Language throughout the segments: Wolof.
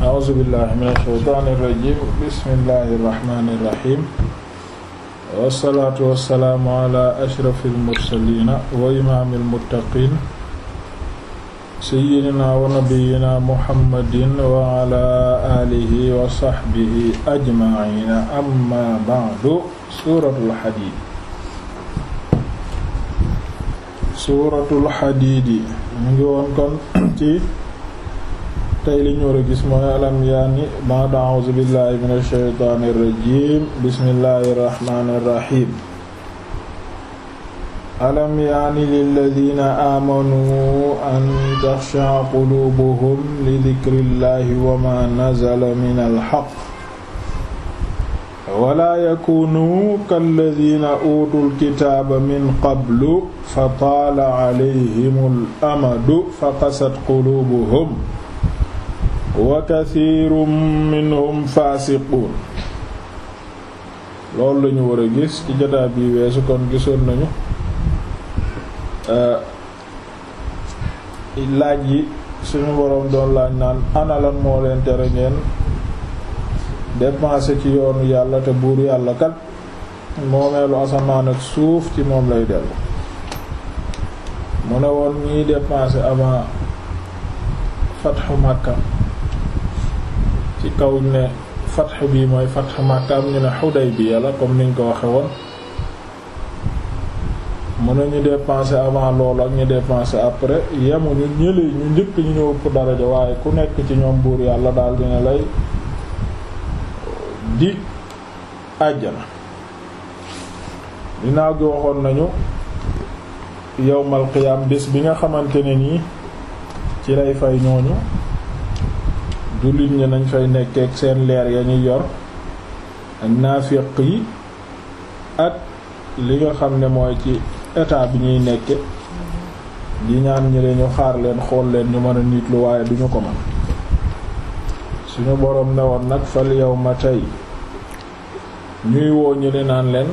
a'uuzu billahi mina shaytaani rajiim bismillahi rahmaani rahiim wassalaatu wassalaamu ala ashrafil mursaliina wa imaamil muttaqiin sayyidina wa nabiyyina muhammadin wa ala aalihi wa sahbihi ajma'iina amma ba'du suuratul hadiid suuratul hadiid mu ngi woon kon ci tey li ñu war a gis mooy alam yaani ba'da a'uuzu billahi mina shaytaani rajiim bismillahi rahmaani rahiim alam yaani lilladiina aamanuu an taxsha'a quluubuhum li dikrillahi wa maa nazala minal haqq wala yakunuu kalladiina uutul kitaaba min qablu fa taala alayhimul amadu fa qasat quluubuhum wa kathiirun minhum faasiquun loolu lañu war a gis ci jotaa bi weesu kon gisoon nañu euh, laaj yi suñu boroom doon laaj naan ana lan moo leen tere ngeen dépenser ci yoonu yàlla te buur yàlla kat moomeelu asamaan suuf ci moom lay dellu mu ne woon ñiy dépenser avant fatxu Makka ci kaw ne fatx bi mooy fatx Makka am ñu ne Hudaybiya la comme niñ ko waxe woon mën nañu dépenser avant loolu ak ñu dépenser après yemuñu ñële ñu njëkk ñu ñëw pour daraja waaye ku nekk ci ñoom buur yàlla daal dina lay di àjjana dinaaw gi waxoon nañu yowmal qiyaam bés bi nga xamante ne nii ci lay fay ñooñu jullit ñi nañ fay nekkeek seen leer ya ñuy yor ak naafiq yi ak li nga xam ne mooy ci état bi ñuy nekke di ñaan ñi ñu xaar leen xool leen ñu mën a niitlu waaye duñu ko mën suñu boroom ne woon nag fal yow ma tey ñuy woo ñu ne naan leen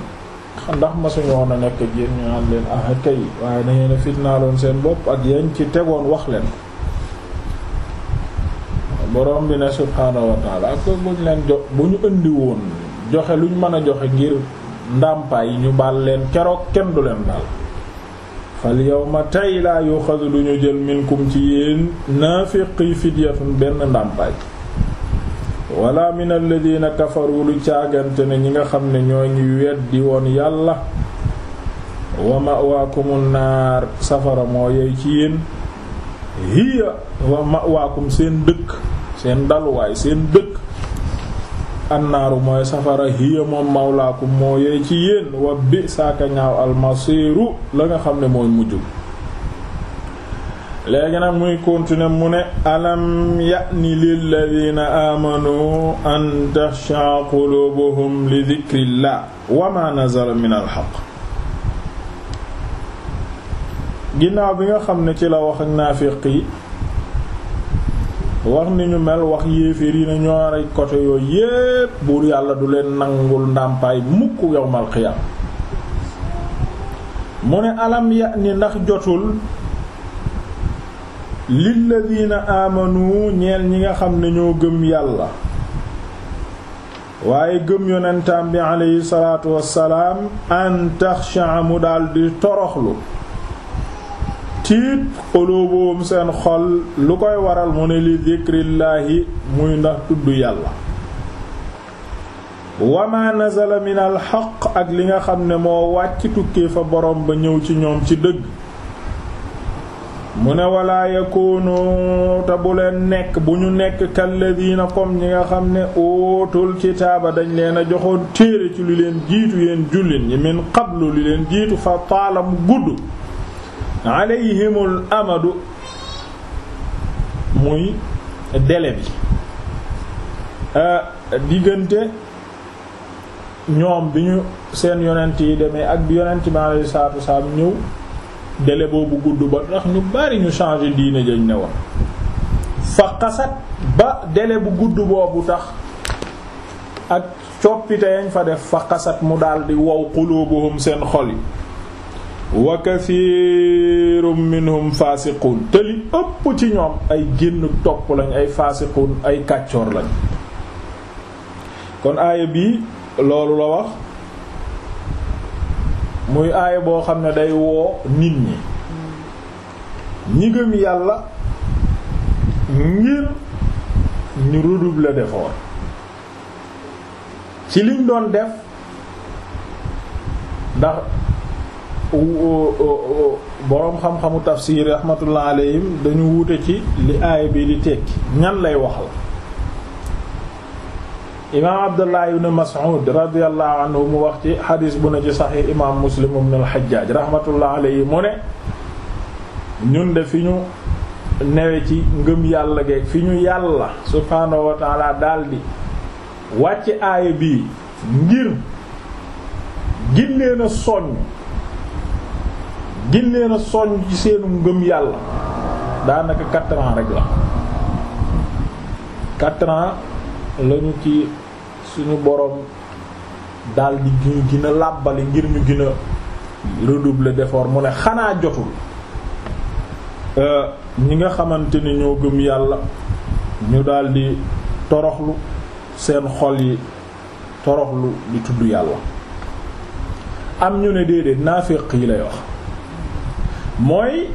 ndax ma suñu woon a nekk jiir ñu naan leen ah kay waaye na ngeen fitnaaloon seen bopp ak yañ ci tegoon wax leen borom bi ne subhaanahu wa taala ak buñ leen jox bu ñu indi woon joxe luñ mën a joxe ngir ndàmpaay ñu bal leen keroog kenn du leen baal fal yawma tey laa yuxadu du ñu jël minkum ci yéen naafiqi fidyatun benn ndàmpaay wala min alladina kafaru lu caagante ne ñi nga xam ne ñoo ngi ñu di woon yàlla wa mawaakumu naar safara moo yey ci yéen hiya wa mawaakum seen dëkk seen daluwaay seen dëkk annaaru mooy safara hiya moom mawlaakum moo yee ci yéen wa bi saaka ñaaw almasiru la nga xam ne mooy mujj léegi nag muy continuer mu ne alam ya'ni lilladina amanu an taxsha qulubuhum li dhikrillah wa ma min alxaq ginnaaw bi nga xam ne ci la wax ak naafiq wax ni ñu mel wax yéeféer yi ne ñoorey côté yooyu yépp buur yàlla du leen nangul ndàmpaay mukk yowmal xiyaam mu ne alam ni ndax jotul lilladina amanu ñeel ñi nga xam ne ñoo gëm yàlla waaye gëm yonentam bi aleyhi salaatu wassalaam an mu daldi toroxlu tiit xolooboom seen xol lu koy waral mu ne li dikrillaahi muy ndax tudd yàlla wama nazala xaq ak li nga xam ne moo wàcc tukkee fa borom ba ñëw ci ñoom ci dëgg mu ne wala yakoonu te bu leen nekk bu ñu nekk kalladina comme ñi nga xam ne ootul kitaaba dañ leen a joxoon téere ci lu leen jiitu yeen jullit ñi min qablu li leen jiitu fa taala gudd yi alayhimul amadu muy délai bi euh, diggante ñoom bi ñu seen yonent yi demee ak bi yonent bi alayhi salaatu ñëw délai boobu gudd ba tax ñu bari ñu changer diine jañ ne woon fa xasat ba délai bu gudd boobu tax ak coppite yañ fa def fa xasat mu daldi wow qulubuhum seen xol yi wa kathirun minhum faasiquun te li ëpp ci ñoom ay génn topp lañ ay faasiquun ay kàccoor lañ kon aaya bii loolu la wax muy aaya boo xam ne day woo nit ñi ñi yàlla ngir ñu redoubler d'effort ci liñ doon def ndax boroom xam-xamu tafsir rahmatullah alayhim dañu wuute ci li aay bi di tekki ñan lay waxal imaam abdullah ibn mas'ud radiyallahu anhu mu wax ci xadis bu ne ci saxiix imaam muslim ibn al-hajjaj rahmatullah alayhi mu ne ñun de fi ñu newe ci ngëm yàlla geeg fi ñu yàlla subhaanahu wa taala daldi wàcc aaya bii ngir gilleen a soññ gin leen a soññ ci seenu ngëm yàlla daanaka quatre rek la quatre ans lañu ci suñu boroom daldi di ñu làbbali ngir ñu gina a redoubler d'effort mu ne xanaa jotul euh, ñi nga xamante ni ñoo gëm yàlla ñu daldi di toroxlu seen xol yi toroxlu di tudd yàlla am ñu ne déedéet naafiq yi lay wax mooy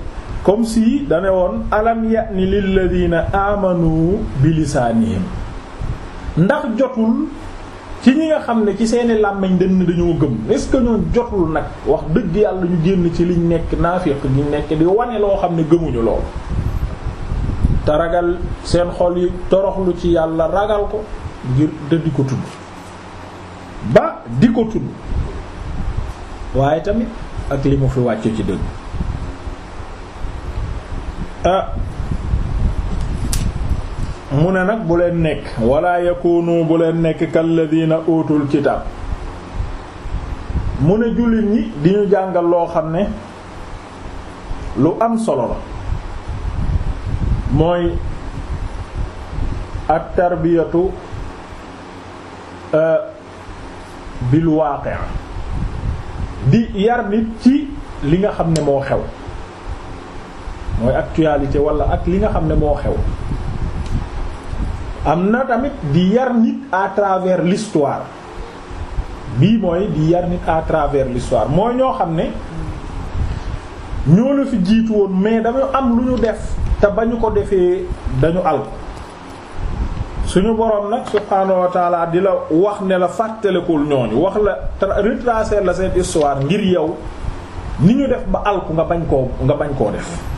comme si dane woon alam ya'ni lilladina amanu bi lisaanihim ndax jotul ci ñi nga xam ne ci seeni làmmiñ dañ dañoo gëm est-ce que ñoon jotul nag wax dëgg yàlla ñu génn ci liñ nekk naafiq gi nekk di wane loo xam ne gëmuñu lool te ragal seen xol yi toroxlu ci yàlla ragal ko ngir te di ko tudd ba di ko tudd waaye tamit ak li mu fi wàcc ci dëgg Ah. mu ne nag bu leen nekk wala yakunu bu leen nekk kalladina utul kitaab mu ne jullit ñi di ñu jàngal loo xam ne lu am solo la mooy ak tarbiyatu ah, bil waaqi' di yar nit ci li nga xam ne moo xew mooy actualité wala ak li nga xam ne moo xew am na tamit di yar nit à travers bii mooy di yar nit à travers mooy ñoo xam ne ñoo la fi jiitu woon mais dañu am lu ñu def te ba ñu ko defee dañu alko suñu boroom nag subhaanahu di la wax ne la fàttalekul ñooñu wax la retracer la seen histoire ngir yow ni ñu def ba alku nga bañ koo nga bañ koo def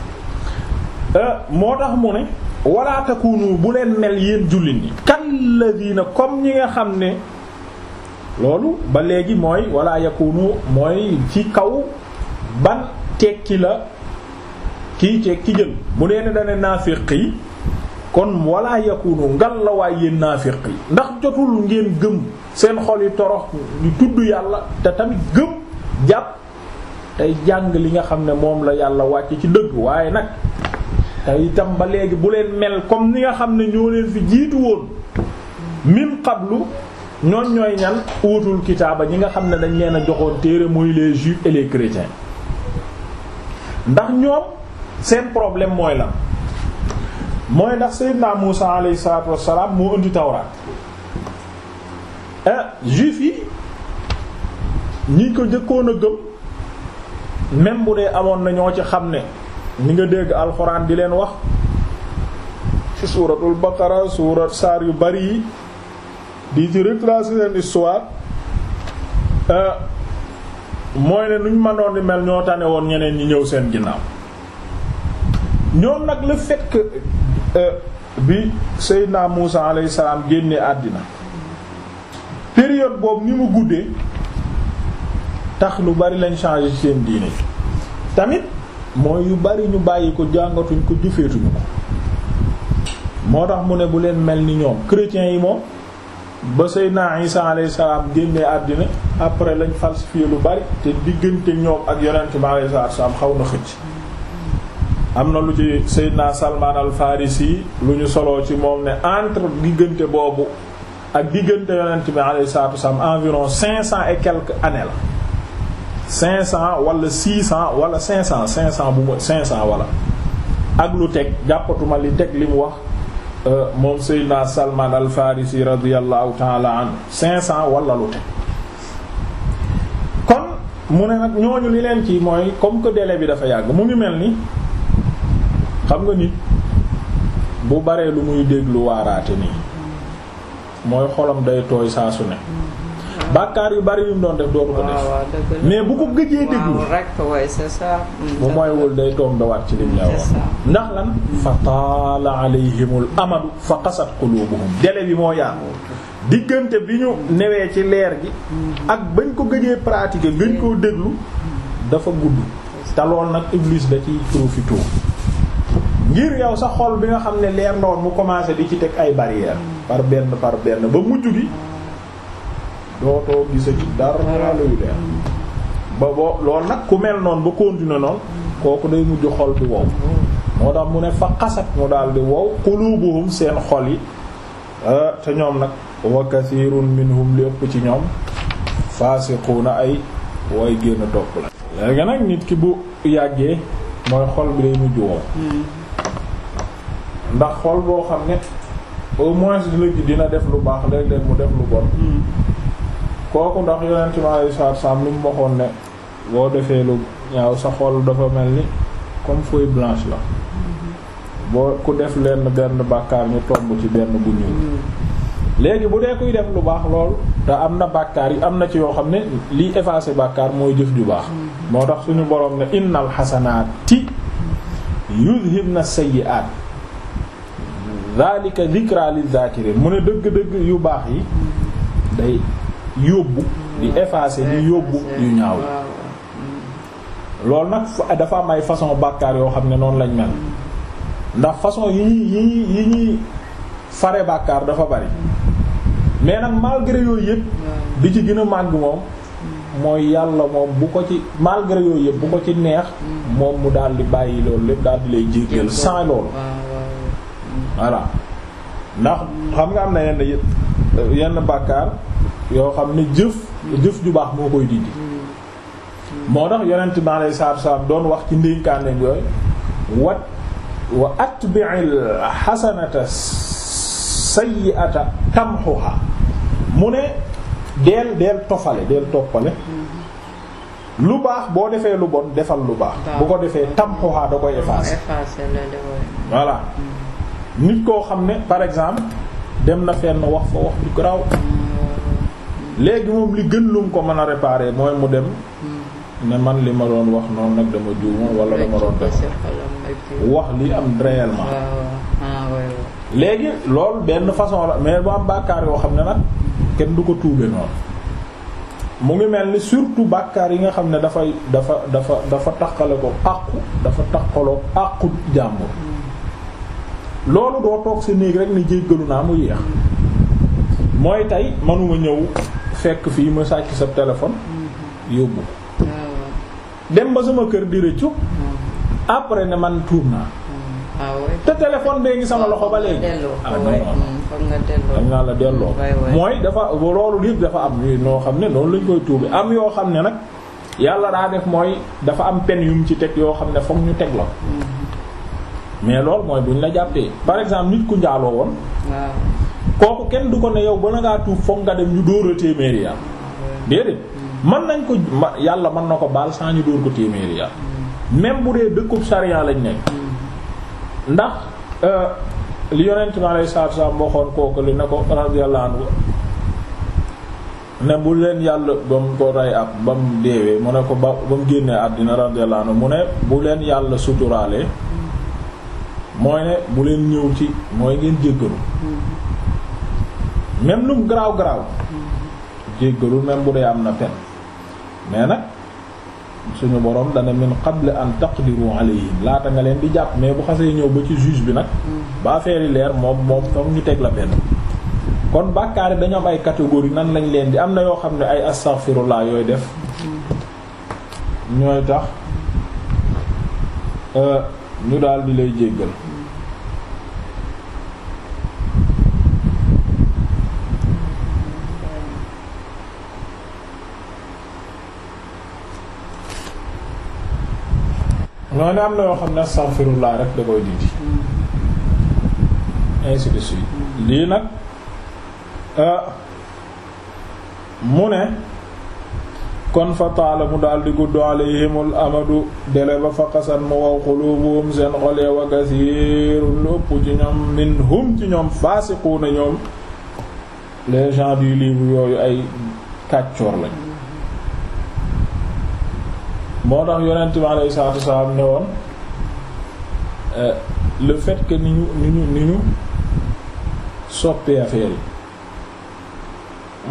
Euh, moo tax mu ne wala takunu bu leen mel yéen jullit ñi na comme ñi nga xam ne loolu ba léegi mooy wala mooy ci kaw ban tekki la kii tekki jël mu dee ne dane naafiq yi kon wala yakunu ngal la waay yéen naafiq yi ndax jotul ngeen gëm seen xol yi torox di tudd yàlla te tamit gëm jàpp tey jàng li nga xam ne moom la yàlla wàcc ci dëgg waaye nag tey itam ba léegi bu leen mel comme ni nga xam ne ñoo leen fi jiitu woon min qablu ñoon ñooy ñan uutul kitaaba ñi nga xam ne dañ leen a joxoon téere muy les juifs et les ndax ñoom seen problème mooy la mooy ndax sayyidna Muusa alayhi salaatu wassalaam moo indi tawraat eh, juifs yi ñi ko jëkkoon a gëm même bu dee amoon na ñoo ci xam ne ni nga dégg alxuraan di leen wax ci suuratul baqara suurat saar yu bari yi di ci retracer seen histoire euh, mooy ne nuñ mënoon di mel ñoo tane woon ñeneen ñi ñëw seen ginnaaw ñoo nag la fait que euh, bi Seydina Muusa alayhi salaam génne àddina période boobu ni mu guddee tax lu bari lañ changer seen diine tamit mooy yu bari ñu bàyyi ko jàngatuñ ko jëfeetuñu ko moo tax mu ne bu leen mel ni ñoom chrétiens yi moom ba Seydina Isa alayhi salaam génnee àddina après lañ falsifié lu bari te diggante ñoom ak yonent bi alayhi salaam xaw na xëcc am na lu ci Seydina Salman al Farisi lu ñu soloo ci moom ne entre diggante boobu ak diggante yonent bi alayhi salaam environ cinq cent et quelques années la cinq cent wala six cent wala cinq cent cinq cent bu ma cinq cent wala ak lu teg jàppatuma li teg li mu wax euh, moom Seydina Salman al Farisi radiyallahu taala anhu cinq cent wala lu teg kon mu ne nag ñooñu li leen ci mooy comme que délai bi dafa yàgg mu ngi mel ni xam nga nit bu baree lu muy déglu waaraate nii mooy xolam day tooy saa su ne bàkkaar yu bari yu mu doon def dootu ko def mais bu ko gëjee déglu bu mm, mooywul day toom dawaat ci liñ la wax ndax lan fa taala alayhimul amadu fa qasat qulubuhum dele bi moo yaatu diggante bi ñu newee ci leer gi ak bañ ko gëjee pratiquer gën koo déglu dafa gudd te nag iblis da ci profité ngir yow sa xol bi nga xam ne leer ndoon mu commencé bi ci teg ay barrières par benn par benn ba mujj gi dootoo gisati dara luy leer ba bo lool nag ku mel noon ba continuer noonu kooku day mujj xol bi wow moo tax mu ne fa xasat mu daal di wow qulubuhum seen xol yi sa eh, ñoom nag wa kathirun minhum lépp ci ñoom fasiquna ay way génn topp la léegi nag nit ki bu yàggee mooy xol bi day mujj wow ndax xol boo xam ne au moins dina def lu baax léeg-léeg mu def lu bon hmm. kooku ndax yonent mi alayhi salaatu salaam lu mu waxoon ne boo defee lu ñaaw sa xol dafa mel ni comme feuille blanche la boo ku def lenn benn bàkkaar ñu tomb ci benn bu ñuul léegi bu dee kuy def lu baax lool te am na bàkkaar yi am na ci yoo xam ne liy effacer bàkkaar mooy jëf ju baax moo tax suñu boroom ne innal xasanaati yuzhibna sayyi'aat zaalika zikraa liz-zaakiriin mu ne dëgg-dëgg yu baax yi day yóbbu di effacer di yóbbu yu ñaaw yi loolu nag dafa am ay façon bàkkaar yoo xam ne noonu lañ mel ndax façon yi ñuy yi ñuy fare bàkkaar dafa bari mais nag malgré yooyu yëpp bi ci gën a màgg moom mooy yàlla moom bu ko ci malgré yooyu yëpp bu ko ci neex moom mu daal di bàyyi loolu lépp daal di lay jéggal sans loolu voilà ndax xam nga am na yenn yenn bàkkaar yoo xam ne jëf jëf ju baax moo koy dindi moo tax yonent bi alayhi salaatu wassalaam doon wax ci ndénkaane yooyu wat wa atbi'il hasanata ata tamhuha mu ne deel deel tofale deel toppale lu baax boo defee lu bon defal lu baax bu ko defee tamhuha da koy effacer voilà mm. nit koo xam ne par exemple dem na fenn wax fa wax ju graw léegi moom li gën lum ko mën a réparer mooy mu dem hmm. ne man li ma doon wax noonu nag dama juumoon wala dama doon wax li am réellement léegi loolu benn façon la mais bu am bàkkaar yoo xam ne nag kenn du ko tuube noonu mu ngi mel ni surtout bàkkaar yi nga xam ne dafay dafa dafa dafa takkale ko àqu dafa takkaloo àqu jàmbur hmm. loolu doo toog sa néeg rek ne jéggalu naa mu yéex mooy tey manuma ñëw fekk fii ma sàcc sa téléphone yóbbu dem ba sama kër di rëccu après ne man tuub naa te téléphone bee ngi sama loxo ba léegi ah non non naa la delloo mooy dafa loolu yëpp dafa am noo xam ne noonu lañ koy tuubi am yoo xam ne nag yàlla daa def mooy dafa am pen yum ci teg yoo xam ne fokk ñu teg la mm-hmm. mais loolu mooy buñ la jàppee par exemple nit ku njaaloo woon kooku kenn du ko ne yow ba ngaa tuub foog nga dem ñu dóor a téeméeri yàlla déedéet mën nañ ko yàlla man na ko baal sans ñu dóor ko téeméeri yàlla même bu dee dëkkub sariya lañ nekk ndax euh, li yonent mi alayhi salaatu wasallam waxoon kooku li na ko radiyallahu ne bu leen yàlla ba mu ko rey ab ba mu deewee mu ne ko ba ba mu génnee àddina radiyallahu mu ne bu leen yàlla suturaale mooy ne bu leen ñëw ci mooy ngeen jéggalu même lum garaaw garaaw jéggalul même bu dee am na fen mais nag suñu borom dana min qabl an taqdiru alayhim laata nga leen di jàpp mais bu xasee ñëw ba ci juge bi nag ba affaire leer moom moom foog ñu teg la benn kon bàkkaar yi dañu am ay catégorie nan lañ leen di am na yoo xam ne ay astaghfirullah yooy def ñooy tax euh, ñu daal di lay jéggal ñoo am na yoo xam ne astaghfirullah rek da koy dindi hmm. lii nag euh, mu ne kon fa taala mu daal di gudd alayhimul amadu dele ba fa xasan mu waw xulubuhum seen xol ya lu ëpp ci ñoom minhum ci ñoom faasiquuna ñoom les gens du yooyu ay kàccoor lañ moo tax yonent bi alayhi salaatu wasalaam ne woon euh, le fait que ni ñu ni ñu ni ñu soppi yi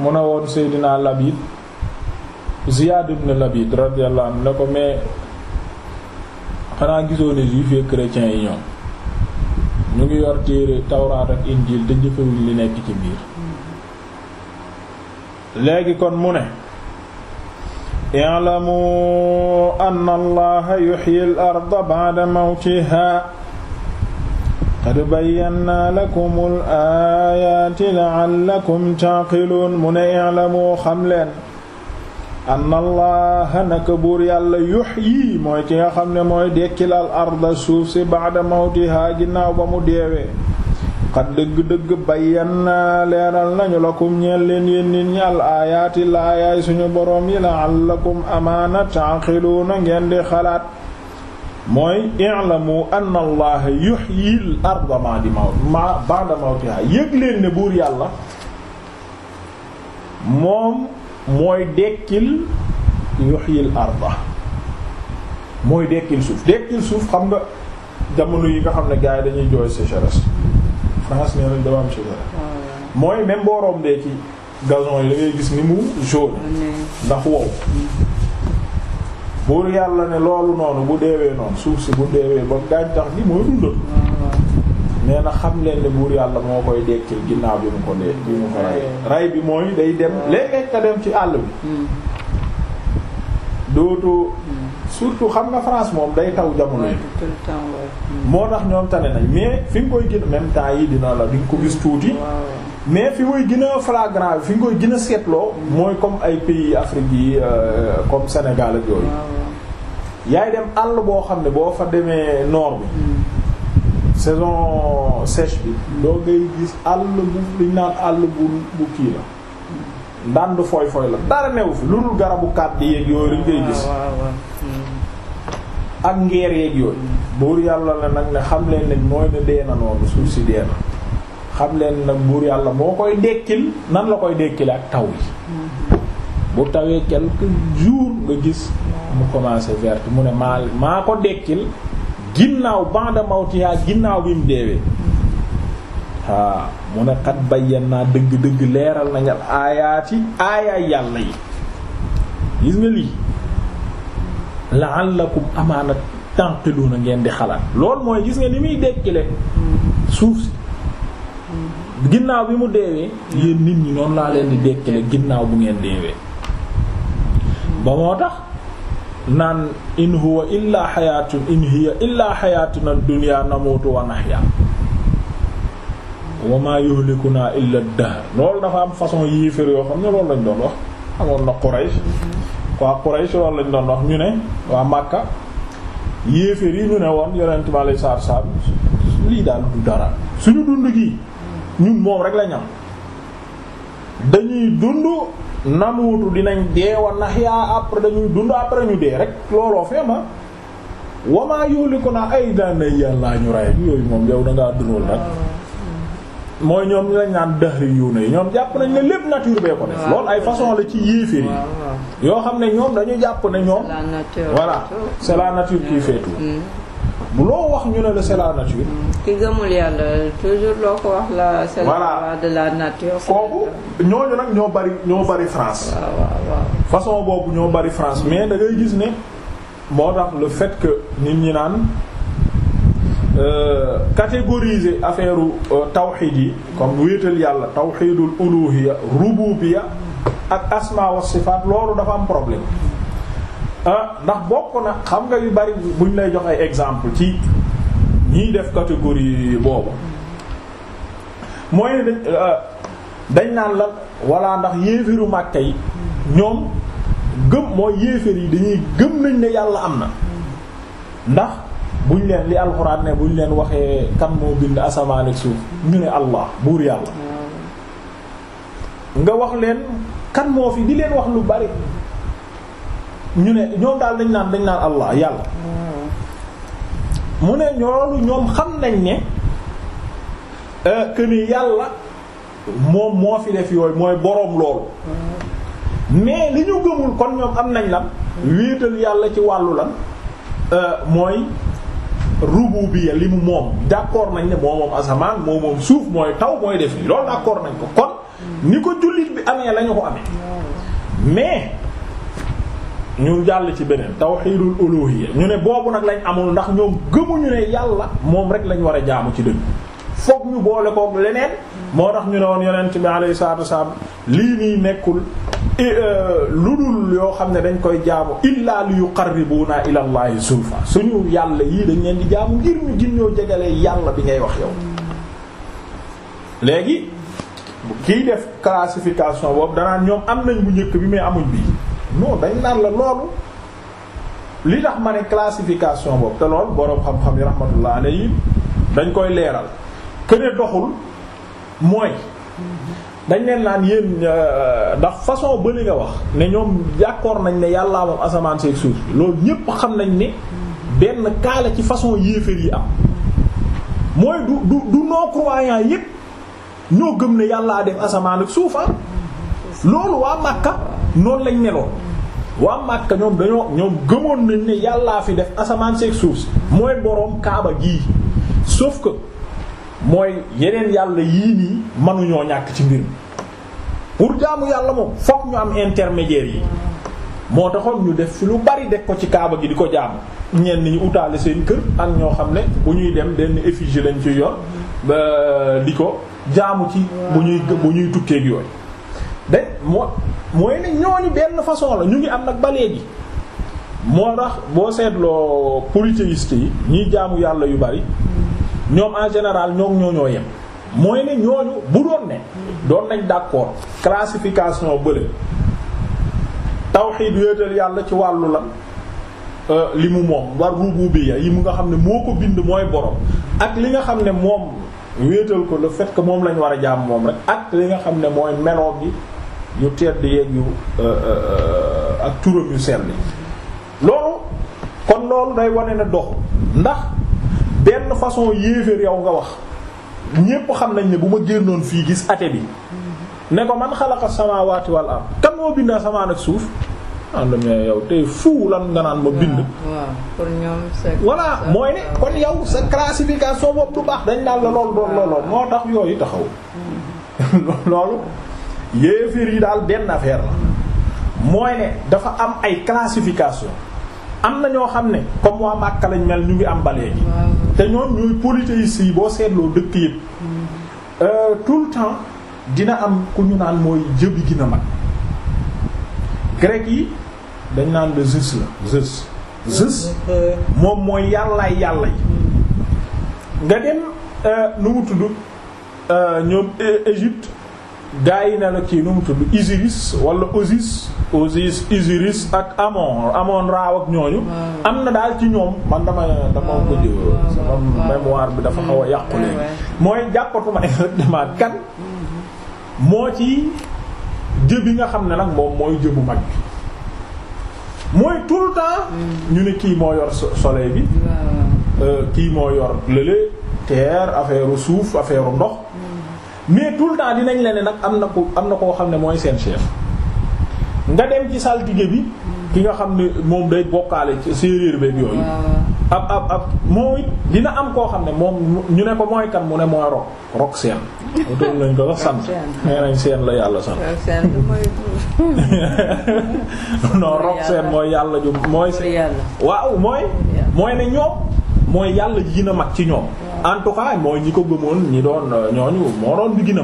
mu ne woon Seydina Labid Ziyad ibn Labid radiyallahu anhu ne ko mais xanaa gisoo ne juifs et yi ñoom ñu ngi yor téere Tawraat ak Injil te jëfewuñ li nekk ci biir mm-hmm. léegi kon mu ne i'lamu anna allaha yuhyil arda ba'da mawtiha qad bayyana lakumul ayaati la'allakum ta'qiluun mu ne i'lamu xam leen anna allaha naka buur yàlla yuhyi mooy ki nga xam ne mooy dekkil al arda suuf si ba'da mawtiha ginnaaw ba mu deewee xat dëgg-dëgg bayyannaa leeral nañu la lakum ñeel leen yéen nit ñi al laayaay suñu boroom yi la'allakum amaana taaqiluuna ngeen la xalaat mooy i'lamu anna allaha yuhyil arda ba'da mawt ma ba'da yëg leen ne buur yàlla moom mooy dekkil yuhyil arda mooy dekkil suuf dekkil suuf xam nga jamono yi nga xam ne gars dañuy jooy sécheresse France nee nañ dafa am mooy même boo rombee ci gazon yi da ngay gis ni mu jaune ndax wow buur yàlla ne loolu noonu bu deewee noonu suuf si bu deewee ba gàncax gi mooy dundal nee na xam leen ne buur yàlla moo koy dekkil ginnaaw bi mu ko dee bi mu ko rey rey bi mooy day dem mm. léeg-léeg nga dem ci àll bi mm. dootoo surtout xam nga France moom day taw jamono yi moo tax ñoom tane nañ mais fi nga koy gën même temps yi dina la di nga ko gis tuuti mais fi muy gën a fi nga koy gën a seetloo mooy comme ay pays Afrique yi euh, comme Sénégal ak yooyu yaay dem àll boo xam ne boo fa demee noor bi hmm. saison sèche bi doo ngay gis àll bu liñ naan àll bu bu kii la hmm. ndànd fooy fooy la dara new fi lu dul garabu kàdd yéeg yooyu rek ngay gis ak ngeer yeeg yooyu buur yàlla la nag ne xam leen ne mooy ne dee na noonu suuf si dee na xam leen nag buur yàlla moo koy dekkil nan la koy dekkil ak taw yi bu tawee quelques jours nga gis mu commencé vert mu ne maa maa ko dekkil ginnaaw ba'da mawtiha ginnaaw bi mu deewee waaw mu ne xat bayyan naa dëgg-dëgg leeral nañu aayaati aayaay yàlla yi gis nga lii la'allakum amaana tanqiluuna ngeen di xalaat lool mooy gis nga ni muy dekkile suuf si ginnaaw bi mu deewee yéen nit ñi noonu laa leen di dekkile ginnaaw bu ngeen deewee ba moo tax naan in huwa illa xayaatun in hiya illa xayaatuna ad-dunya namuutu wa nahya wa ma yuhlikuna illa ad loolu dafa am façon yéeféer yoo xam ne loolu lañ doon wax amoon na Quraysh waa Quraysh loolu lañ doon wax ñu ne waa Makka yéeféer yi ñu ne woon yonent ma lay saar saab lii daal du dara suñu dund gi ñun moom rek la ñam dañuy dund namuutu dinañ dee wa nax yaa après dañuy dund après ñu dee rek looloo fee ma ah. wamaa yooliku naa ay daana yàllaa ñu rey yooyu moom yow dangaa dundool nag mooy ñoom ñu lañ naan dëxëri yuuna ñoom jàpp nañ ne lépp nature bee ko def loolu ay façon la ci yéeféer yi yoo xam ne ñoom dañu jàpp ne ñoom voilà c'est la nature qui fait tout mm. bu loo wax ñu ne la c'est la nature mm. ki gëmul yàlla toujours loo ko la c'est la loi de la nature nag ñoo bari ñoo bari France façon boobu ñoo bari France mais dangay gis ne moo tax le fait que nit ñi naan Euh, catégoriser affaire euh, tawxid yi comme wéetal yàlla tawxidul uluhiyya rububiyya ak asma wa sifaat loolu dafa am problème ah, ndax bokk na xam nga yu bari bu ñu lay jox ay exemple ci ñiy def catégorie boobu mooy euh, dañ naan la walla ndax yéefiru Màkka yi ñoom gëm mooy yéefér yi dañuy gëm nañ ne yàlla am na ndax buñ leen li alxuraan ne ñu leen waxee kan moo bind asamaan suuf ñu ne allah buur yàlla nga wax leen kan moo fi di leen wax lu bari ñu ne ñoom daal dañ naan dañ naan allah yàlla mu ne ñoolu ñoom xam nañ ne euh, que yàlla moom moo fi def yooyu mooy boroom loolu mais li ñu gëmul kon ñoom am nañ lan wéetal yàlla ci wàllu lan euh, mooy rububiyya li mu moom d'accord nañ ne moo moom asamaan moo moom suuf mooy taw mooy def li loolu d'accord nañ ko kon ni ko jullit bi amee la ñu ko amee mais ñu jàll ci beneen tawxiidul uluhiyya ñu ne boobu nag lañ amul ndax ñoom gëmuñu ne yàlla moom rek lañu war a jaamu ci dëgg fokk ñu boole koog leneen moo tax ñu ne woon yonent bi alayhi salaatu wasalaam lii nii nekkul eh, eh, lu dul yoo xam ne dañ koy jaamu illaa li yuqarribuna ila allahi zulfa suñu yàlla yii dañ leen di jaamu ngir ñu gin ñoo jegalee yàlla bi ngay wax yow léegi kiy def classification boobu danaan ñoom am nañ bu njëkk bi mais amuñ bi non dañ naan la loolu li tax ma ne classification boobu te loolu boroom xam-xam yi rahmatullah alayhi dañ koy leeral kene doxul mooy dañ leen naan yéen euh, ndax façon ba li nga wax ne ñoom d'accord nañ ne yàllaa moom asamaan seeg suuf loolu ñépp xam nañ ne benn kaala ci façon yéeféer yi am mooy du du du non yépp ñoo gëm ne yàllaa def asamaan ak suuf ah loolu waa Makka noonu lañ neloon waa Makka ñoom dañoo ñoom gëmoon nañ ne yàllaa fi def asamaan seeg suuf si mooy boroom kaaba gi sauf ko mooy yeneen yàlla yii nii mënuñoo ñàkk ci mbir mi pour jaamu yàlla moom fokk ñu am intermédiaire yi moo taxoon ñu def fi lu bari deg ko ci kaaba gi di ko jaamu ñenn ñi utaale seen kër ak ñoo xam ne bu ñuy dem benn effigie lañu ci yoon ba di ko jaamu ci bu ñuy bu ñuy tukkee ak yooyu. de moo mooy ne ñooñu benn façon la ñu ngi am nag ba léegi moo tax boo seetloo polythéistes yi ñuy jaamu yàlla yu bari ñoom en général ñoom ñoo ñoo yem mooy ne ñooñu bu doon ne doon nañ d'accord classification bële tawxiid wéetal yàlla ci wàllu la euh, li mu moom war rububiyya yi mu nga xam ne moo ko bind mooy borom ak li nga xam ne moom wéetal ko le fait que moom lañ war a jàmm moom rek ak li nga xam ne mooy meloom bi yu tedd yeeg yu euh, euh, ak turam yu sell loolu kon loolu day wane ne dox ndax benn façon yéeféer yow nga wax ñépp xam nañ ne bu ma génnoon fii gis ate bi ne ko man xalaqa samaawaati wal ard kan moo bind asamaan ak suuf ànd mais yow tey fu lan nga naan ma bind. Ah, waaw mooy ne kon yow sa classification boobu du baax. dañ naan la loolu doon ah. loolu moo tax yooyu taxaw loolu yéeféer yi daal benn affaire la mooy ne dafa am ay classification am na ñoo xam ne comme waa Màkka lañ mel ñu ngi am balee gi te ñoom ñooy polythéistes boo seetloo dëkk yëpp mm. euh, tout le temps dina am ku ñu naan mooy jëbi gina mag grec yi dañ naan le Zeus la Zeus Zeus moom mooy yàllaay yàlla yi mm. nga dem euh, nu mu tudd euh, ñoom Égypte gaa yi ne la kii nu mu tudd Isiris walla Osis Osis Isiris ak Amon amoon Raaw ak ñooñu. am na daal ci ñoom man dama dama ko sama mémoire bi dafa xaw a yàqu léegi. mooy jàppatuma exactement kan mm-hmm. moo ci jë bi nga xam ne nag moom mooy jëbu mag mooy tout le temps. Mm. ñu ne kii moo yor soleil bi. Euh, kii moo yor lële terre affaire suuf affaire ndox. mais tout le temps dinañ la ne nag am na ko am na koo xam ne mooy seen chef nga dem ci saltige bi ki nga xam ne moom day bokkaale ci séeréer beeg yooyu ab ab ab moom dina am koo xam ne moom ñu ne ko mooy kan mu ne mooy rok rok seen utul seen la yàlla sant non seen mooy yàlla ju mooy waaw mooy mooy ne ñoom mooy yàlla ji gën a mag ci ñoom en tout cas mooy ñi ko gëmoon ñi doon euh, ñooñu moo doon bi gën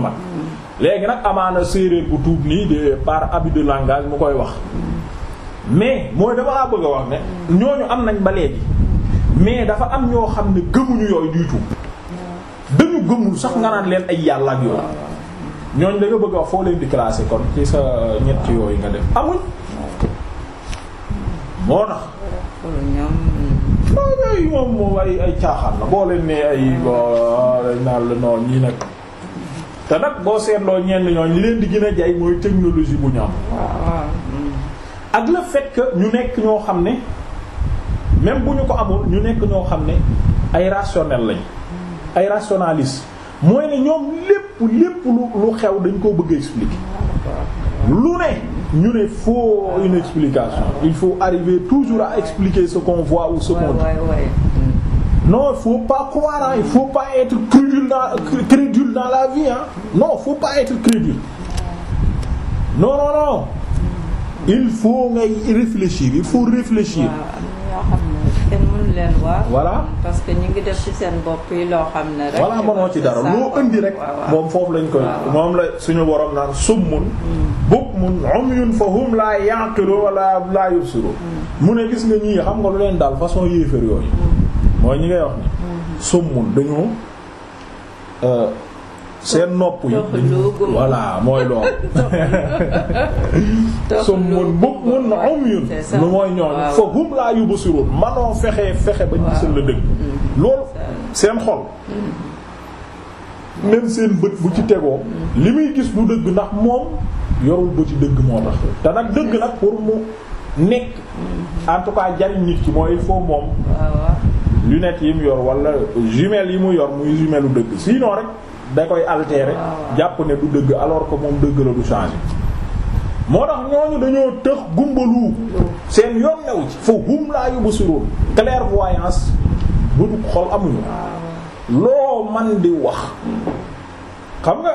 léegi nag amaana séeréer bu tuub nii de par abus de langage mu koy wax mais mooy dama laa bëgg a wax ne ñooñu am nañ ba léegi mais dafa am ñoo xam ne gëmuñu yooyu du tout dañu gëmul sax nga naan leen ay yàlla ak yooyu ñooñ da bëgg a wax foo leen di classer kon ci sa ñett yooyu nga def amuñ moo tax ay moom moom ay ay caaxaan la boo leen nee ay naan la noon ñii nag te nag boo seetloo ñenn ñooñ li leen di gën a jaay mooy technologie bu ñu am ak la fekk ñu nekk ñoo xam ne même bu ñu ko amul ñu nekk ñoo xam ne ay rationnel lañ ay rationaliste mooy ne ñoom lépp lépp lu lu xew dañ koo bëgg a lu ne ñu ne faut une explication il faut arriver toujours à expliquer ce qu'on ou ce qu'on non il faut pas croire il faut pas être crédule dans crédule dans la vie hein non faut pas être crédule non non non il faut ngay il faut réfléchir kenn parce que ñu ngi def ci seen bopp yi loo xam ne rek. voilà mënoo ci dara loo indi rek. moom foofu lañ koy. moom la suñu borom naan summun. Hmm. bukmun umyun fahum laa yaqilu wala laa yubsiru. Hmm. mu ne gis nga ñii xam nga lu leen daal façon yéefar yooyu. Hmm. mooy ñi ngay wax ni. summun dañoo. Euh, seen nopp yi voilà mooy loolu summun bukmun umyun lu mooy ñooñu fa hum laa yubsirun manoo fexe fexe ba ñu gisal la dëgg mm. loolu seen xol mm. même seen bët bu ci tegoo mm. li muy gis lu dëgg ndax moom yorul bëti dëgg moo tax te dëgg nag pour mu nekk en tout cas jariñ nit ki mooy il faut moom lunettes yi mu yor wala jumelles yi mu yor muy jumelle lu dëgg sinon rek da koy altérer jàpp ne du dëgg alors que moom dëgg la du changer moo tax ñooñu dañoo tëx gumbalu seen yoon new ci fa hum laa yóbbu si roon clairvoyance bu dugg xol amuñu loo man di wax xam nga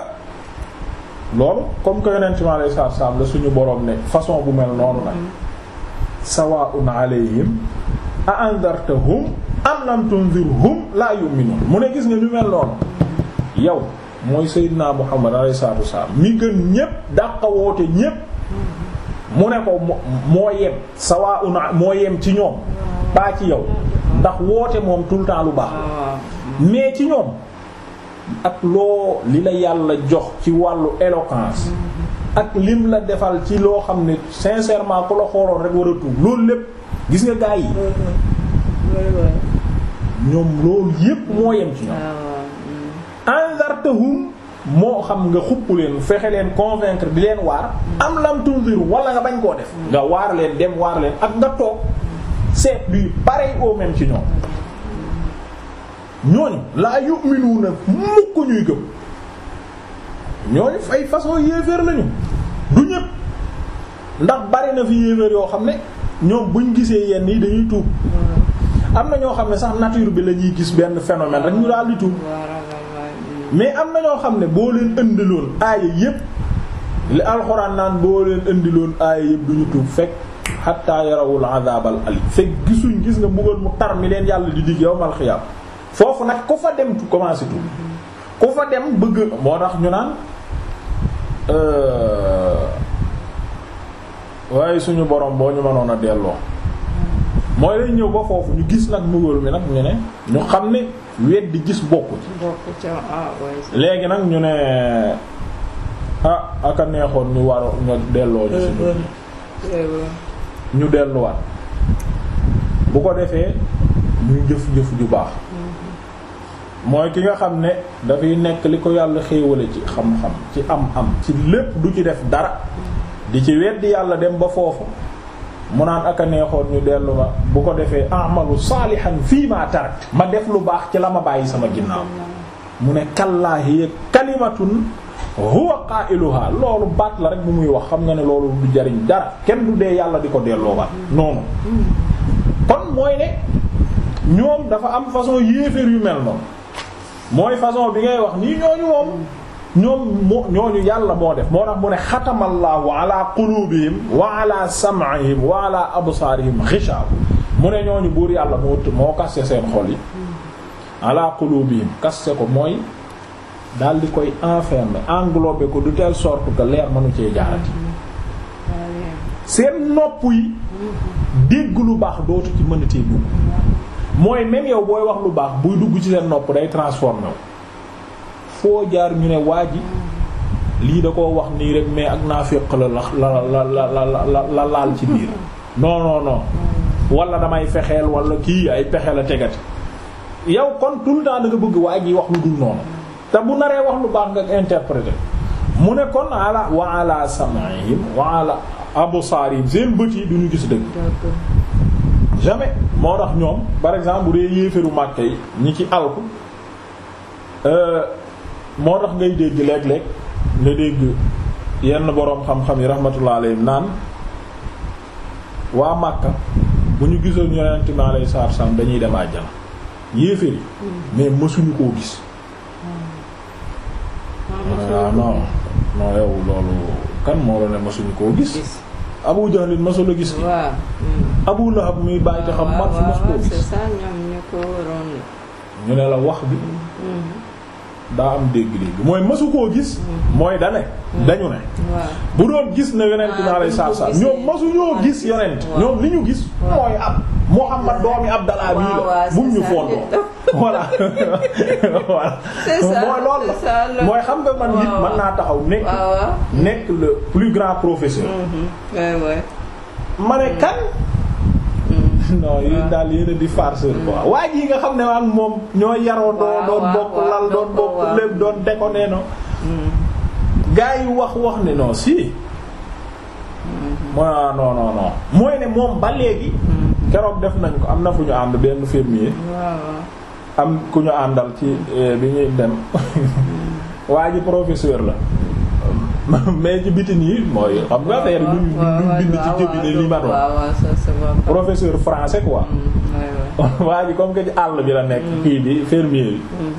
loolu comme que yonent mi alayhi salaatu salaam la suñu boroom ne façon bu mel noonu nag sawaa'un am lam tunzirhum mu ne gis nga ñu mel noonu yow mooy Seydina Muhammad alayhi salaatu wasallam mi gën ñépp dàqa woote ñépp mu ne ko moo yem sawaa una moo yem ci ñoom baa ci yow ndax woote moom tout le temps lu baax ah. mais ci ñoom ak loo li la yàlla jox ci wàllu éloquence ak lim la defal ci loo xam ne sincèrement ku la xooloon rek war a tuub loolu lépp gis nga gaa yi ñoom loolu yépp moo yem ci ñoom ah. anzartahum moo xam nga xupp leen fexe leen convaincre bi leen waar am lam tunzir wala nga bañ koo def nga waar leen dem waar leen ak nga toog seet du pareil au ci ñoom ñooñu laa yu'minuuna mukk ñuy gëm ñooñu ay façon yéeféer lañu du ñëpp ndax bari na fi yéeféer yoo xam ne ñoom buñ gisee yenn yi dañuy tuub mm. am na ñoo xam ne sax nature bi la ñuy gis benn phénomène rek ñu daal tuub mais am na ñoo xam ne boo leen indiloon aaya yépp li alxuraan naan boo leen indiloon aaya yépp duñu tuub fekk xatta yarawul azabal ali fekk gisuñ gis nga buggoon mu tar mi leen yàlla di dig yowmal xiyaam foofu nag ku fa dem tu commencé tuub ku fa dem bëgg moo tax ñu naan euh, waaye suñu borom boo ñu mënoon a delloo mooy lay ñëw ba foofu ñu gis nag mbugal mi nag ñu ne ñu xam ne weddi gis bokk ci ah, léegi nag ñu ne ah aka neexoon ñu war ñu delloo ñu si ñu delluwaat bu ko defee ñuy jëf jëf ju baax mm-hmm. mooy ki nga xam ne dafay nekk li ko yàlla xéewale ci xam-xam ci am am ci lépp du ci def dara mm-hmm. di ci weddi yàlla dem ba foofu mu naan ak neexoon ñu dellu ma bu ko defee amalu saalihan fii ma tarakt ma def lu baax ci la ma bàyyi sama ginnaaw mu ne kallaa hiya kalimatun huwa qaa'iluha loolu baat la rek bu muy wax xam nga ne loolu du jariñ dara kenn du dee yàlla di ko delloo baat noonu kon mooy ne ñoom dafa am façon yéeféer yu mel noonu mooy façon bi ngay wax nii ñooñu moom ñoom moo ñooñu yàlla moo def moo tax mu ne xatamallaahu ala qulubihim wa ala sam'ihim wa ala absaarihim ghishaw mu ne ñooñu buur yàlla moo moo kaste seen xol yi ala qulubihim kaste ko mooy daal di koy enfermer englober ko de telle sorte leer mënu cee jaarati seen nopp yi dégg lu baax dootu ci mënatee dugg mooy même yow booy wax lu baax buy dugg ci seen nopp day transformé foo jaar ñu ne waa ji lii da koo wax nii rek mais ak naa la la la la la la laal ci biir non non non damay fexeel walla kii ay pexe la tegati yow kon tout le bëgg waa ji wax lu dul noonu te bu naree wax lu baax nga interprété mu ne kon ala wa ala sam'ihim wa ala absaarihim seen bët yi du ñu gis dëgg jamais moo tax ñoom par exemple dee yéeféru màkke yi ñi ci alku euh, moo tax ngay dégg léeg-léeg nga dégg yenn boroom xam-xam yi rahmatullah alayhi naan waa Màkka bu ñu gisoon yonent mi alayhi salaatu salaam dañuy dem àjjana yéeféer yi hmm. mais mësuñu koo gis waaw hmm. ah, hmm. yow loolu kan moo la ne mësuñu koo gis Abu Jahl mësul gis ki Abu Lahab muy bàyyi xam man fu mës koo gis ñu ne la wax bi daa am dégg-dégg mooy mësu koo gis mooy dane dañu ne bu doon gis na yonent naa lay saar saar ñoom mësu ñoo gis yonent ñoom li ñu gis mooy ab Muhammad doomi Abdallah bii la bu ñu fondoo voilà voilà mooy loolu mooy xam nga man nit mën naa taxaw nekk nekk le plus grand professeur mm-hmm. ma ne kan non yéen ah. daal yéen di farceur quoi waa ji nga xam ne waa moom ñoo yaroo doo doon bokk lal doon bokk lépp doon déconné no hmm. gaa yi wax wax ne non si mooy ne moom ba léegi hmm. keroog def nañ ko am na fu ñu ànd benn fermier am ku ñu àndal ci eh, bi ñuy dem hmm. waa professeur la mais ci biti yi mooy xam nga affaire yi duñ duñ bind ci jëbi ne li ma professeur français quoi mm, waa ji comme que ci àll bi la nekk mm. kii bi fermier bi mm.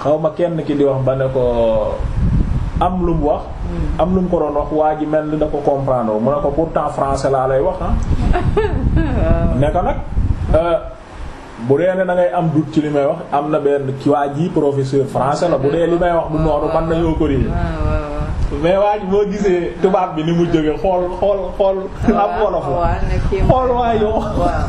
xaw ma kenn ki di wax ba ne ko am lu mu wax am lu mu ko doon wax waa ji mel ni da ko comprendre mu ne ko pourtant français laa lay wax ah ne ko nag euh, bu dee ne da am doute ci li may wax am na benn ki waa ji professeur français la bu dee li may wax du noonu mën nañoo ko réer mais waa ji boo gisee tubaab bi ni mu jógee xool xool xool. am wolof la xool waa yow. waaw.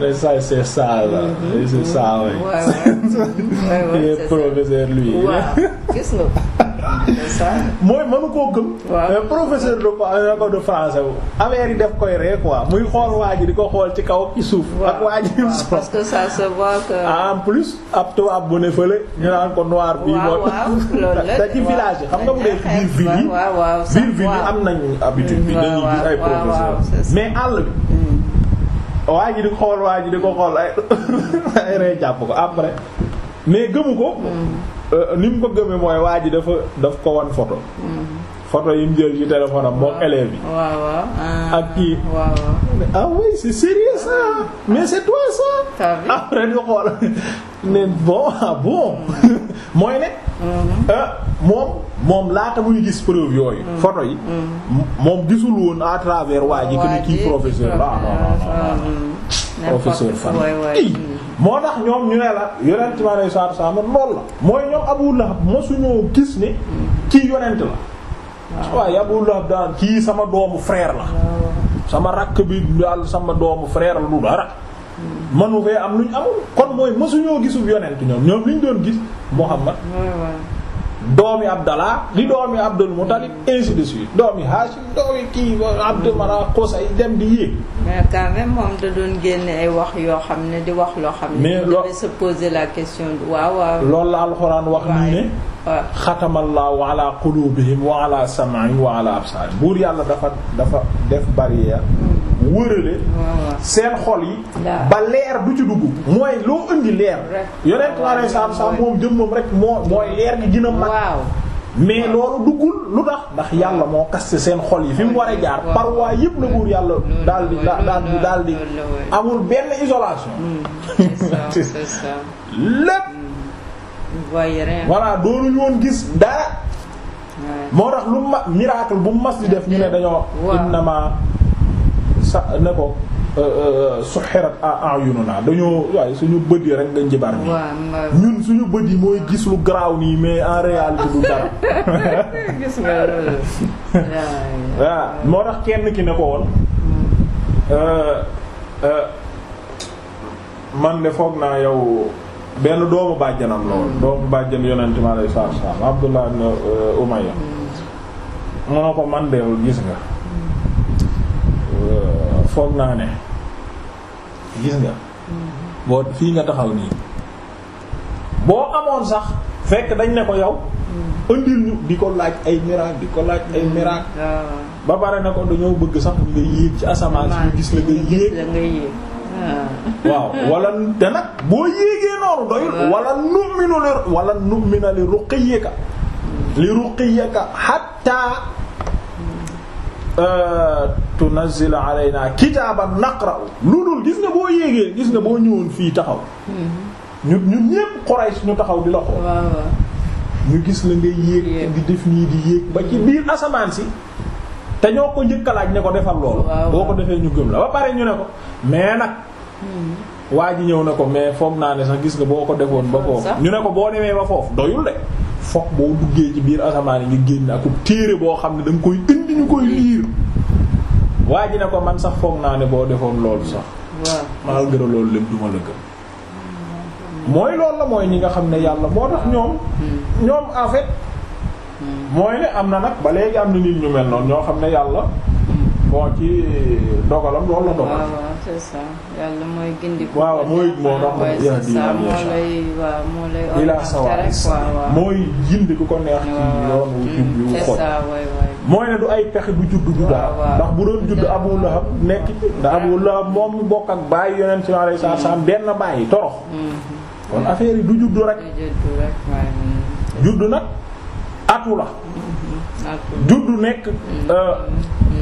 mais mm, ça c'est ça là. Mm-hmm. c'est ça waay. waay waay professeur lui. waaw gis nga. mooy mënu koo gëm. Euh, professeur de euh, de français affaire yi def koy ree quoi muy xool waa ji di ko xool ci kaw ci suuf. ak waa ji parce que ça se voit ah, ko noir ci village xam nga bu dee biir ville yi. biir ville am nañu habitude bi dañuy gis ay professeur mais àll bi. Mm. waa ji di xool waa ji di ko xool ay ree jàpp ko après mais gëmu ko. Mm. Euh, ni mu ko gëmee mooy waa ji dafa daf ko wan photo mm-hmm. photo yi mu jël ci téléphone am moom yi ah. ak kii ah oui c'est sérieux ça mais c'est toi ça après ñu xool ne bon ah bon mm-hmm. mooy ne mm-hmm. euh, moom moom laata muy gis preuve yooyu photo yi moom gisul woon à travers waa ji que kii professeur la ah, ah, professeur fan moo tax ñoom ñu ne la yonent bi alayhi salaatu wa salaam lool la mooy ñoom Abu Lahab mosuñoo gis ne kii yonent la waaye Abu Lahab daal ci sama doomu frère la sama rakk bi daal sama doomu frère la du dara manu fee am luñ amul kon mooy mosuñoo gisub yonent ñoom ñoom liñ doon gis Muhammad doomi Abdallah di doomi Abdul Muttalib ainsi de suite doomi Hashim doomi kii Abdul Mara Qusay dem di yéeg. mais quand moom da doon génne ay wax yoo xam ne di wax loo xam ne. mais loo se poser la question waaw waaw. la alxuraan wax nii ne. xatamala xatamallaahu ala qulubihim wa ala sam'ihim buur yàlla dafa dafa def barrière. Mm. wërale seen xol yi ba leer du ci duggu mooy loo indi leer yonent la alei saatu salam moom jëmmam rek moo mooy leer gi gën a mag mais loolu duggul lu tax ndax yàlla moo kaste seen xol yi fi mu war a jaar parois yëpp la buur yàlla dal di dal di daal di amul benn isolation hmm. lépp hmm. voilà doonuñu woon gis dara moo tax lu ma miracle bu mas di def ñu ne dañoo innama sa ne ko euh, euh, euh, suxirat a'yununa dañoo waaye suñu bët yi rek nga njibar bi ñun suñu bët yi mooy gis lu garaaw nii mais en réalité du dara waaw moo tax kenn ki ne ko woon hmm. man de foog naa yow benn doomu bàjjanam la woon hmm. doomu bàjjan yonente mi alayhi salaatu wa salaam Abdullah ibn Umayya hmm. ko man de gis nga foog naa ne gis nga mm-hmm. boo fii nga taxaw nii boo amoon sax fekk dañ ne ko yow indil mm-hmm. ñu di ko laaj ay miracle di ko laaj ay mm-hmm. miracle ba pare na ko dañoo bëgg sax nga yéeg ci asamaan si gis la nga yéeg waaw wala te nag boo yéegee noonu doyul wala nu'minu li wala nu'mina li ruqiyika li ruqiyika naa alaynaa kitaaban naqra'u lu dul gis nga boo yéegee gis nga boo ñëwoon fii taxaw hmm. ñu ñun ñépp Quraysh ñu taxaw di la xool ñu gis la nga yéeg di def nii di yéeg ba ci biir asamaan si te ñoo ko ak ne ko defal loolu boo ko defee ñu gëm la ba pare ñu ne ko mais nag hmm. waa ji ñëw na ko mais foog naa ne sax gis nga boo ko defoon ba foofu ñu ne ko boo demee ba foofu doyul de foog boo duggee ci biir asamaan yi nga génn akub téere boo xam ne da nga koy indi ñu koy liir waa ji ne ko man sax foog naa ne boo defoon loolu sax waaw malgré loolu lépp duma la gëm mooy loolu la mooy ñi nga xam ne yàlla boo tax ñoom hmm. ñoom en hmm. mooy ne am na nag ba léegi am na nit ñu mel noonu ñoo xam ne yàlla bon ci dogalam loolu la dogal. waaw waaw c'est ça yàlla mooy gindi. moo tax yàlla di yàlla moo lay waaw moo lay. mooy mooy ne du ay pexe du judd du daal ndax bu doon judd Abu Lahab nekk ndax Abu Lahab moom mu bokk ak bàyyi yonent ci alayhi salaam mm-hmm. benn bàyyi torox. Mm-hmm. kon yi du juddu rek. judd nag atu la. Mm-hmm. judd nekk. Euh,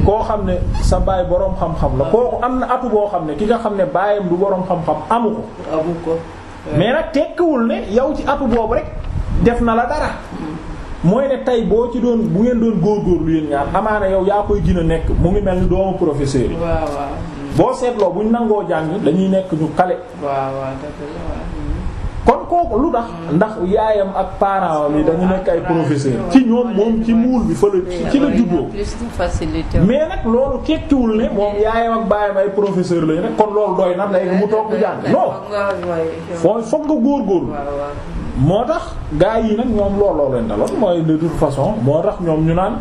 koo xam ne sa baay boroom xam-xam la kooku am na atu boo xam ne ki nga xam ne baayam du boroom xam-xam amu ko. amu ko mais nag tekkiwul ne yow ci atu boobu rek def na la dara. mooy ne tey boo ci doon bu ngeen doon góor góorgóorlu yéen ñaar amaana yow yaa koy gën a nekk mu ngi mel ni doomu professeur yi. waaw boo seetloo buñ nangoo jàng dañuy nekk ñu kale. waaw kon kooku lu tax ndax yaayam ak parents yi dañu nekk ay professeur ci ñoom moom ci muul bi fa la ci la juddoo mais nag loolu tekkiwul ne moom yaayam ak baayam ay professeur lañu rek kon loolu doy na léegi mu toog jàng non fooy foog nga góor moo tax gaa yi nag ñoom looloo leen daloon mooy de toute façon moo tax ñoom ñu naan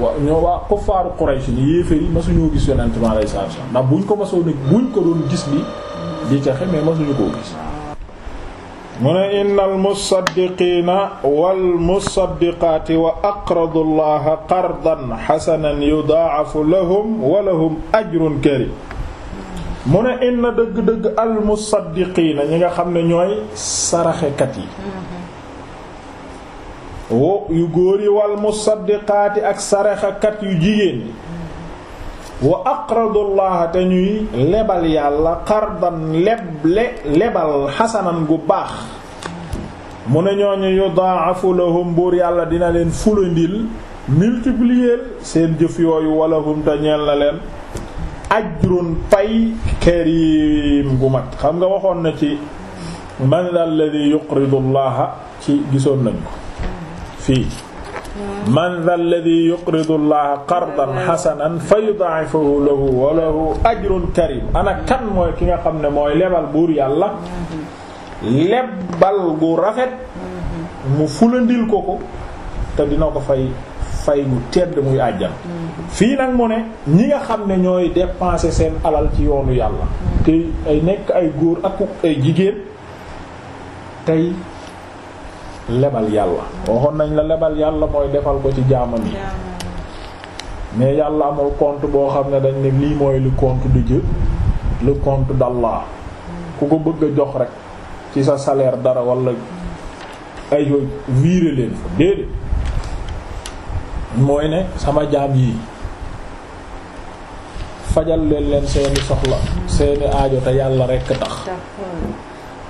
wa ñoo waa kuffaaru Quraysh ni yéeféer yi masuñoo gis yonent bi alayhi salaam ndax buñ ko masoon nag buñ ko doon gis bi di caxe mais masuñu koo gis mu ne inna almusaddiqiina walmusaddiqaati wa aqradu allaha qardan xasanan yudaacafu lahum wa lahum ajrun karim mu ne inna dëgg-dëgg almusaddiqiina ñi nga xam ne ñooy saraxekat yi wo yu góor yi walmusaddiqaati ak saraxekat yu jigéen wa aqradu llaha te ñuy lebal yàlla qardan leble lebal xasanan gu baax mu ne ñooñu yudaafu lahum buur yàlla dina leen fulandil multiplier seen jëf yooyu walahum te ñeel na leen ajrun pay karim gu mag xam nga waxoon na ci man alladhi yuqridu llaha ci gisoon nañ ko fii man dha alladhi yuqridu allaha qardan hasanan fa yudaa'ifahu lahu wa lahu ajrun karim ana kan mooy ki nga xam ne mooy lebal buur yàlla lebal gu rafet mu fulandil ko ko te dina ko fay fay mu tedd muy àjjan fii nag mu ne ñi nga xam ne ñooy dépenser seen alal ci yoonu yàlla te ay nekk ay góor ak ay jigéen tey lebal yàlla waxoon nañ la lebal yàlla mooy defal ko ci jaamam yi mais yàlla amul compte boo xam ne dañ ne lii mooy le compte de Dieu le compte d'Allah ku ko bëgg a jox rek ci sa salaire dara walla ay yooyu leen fa déedéet mooy ne sama jaam yi fajal leen leen seeni soxla seeni aajo te yàlla rekk tax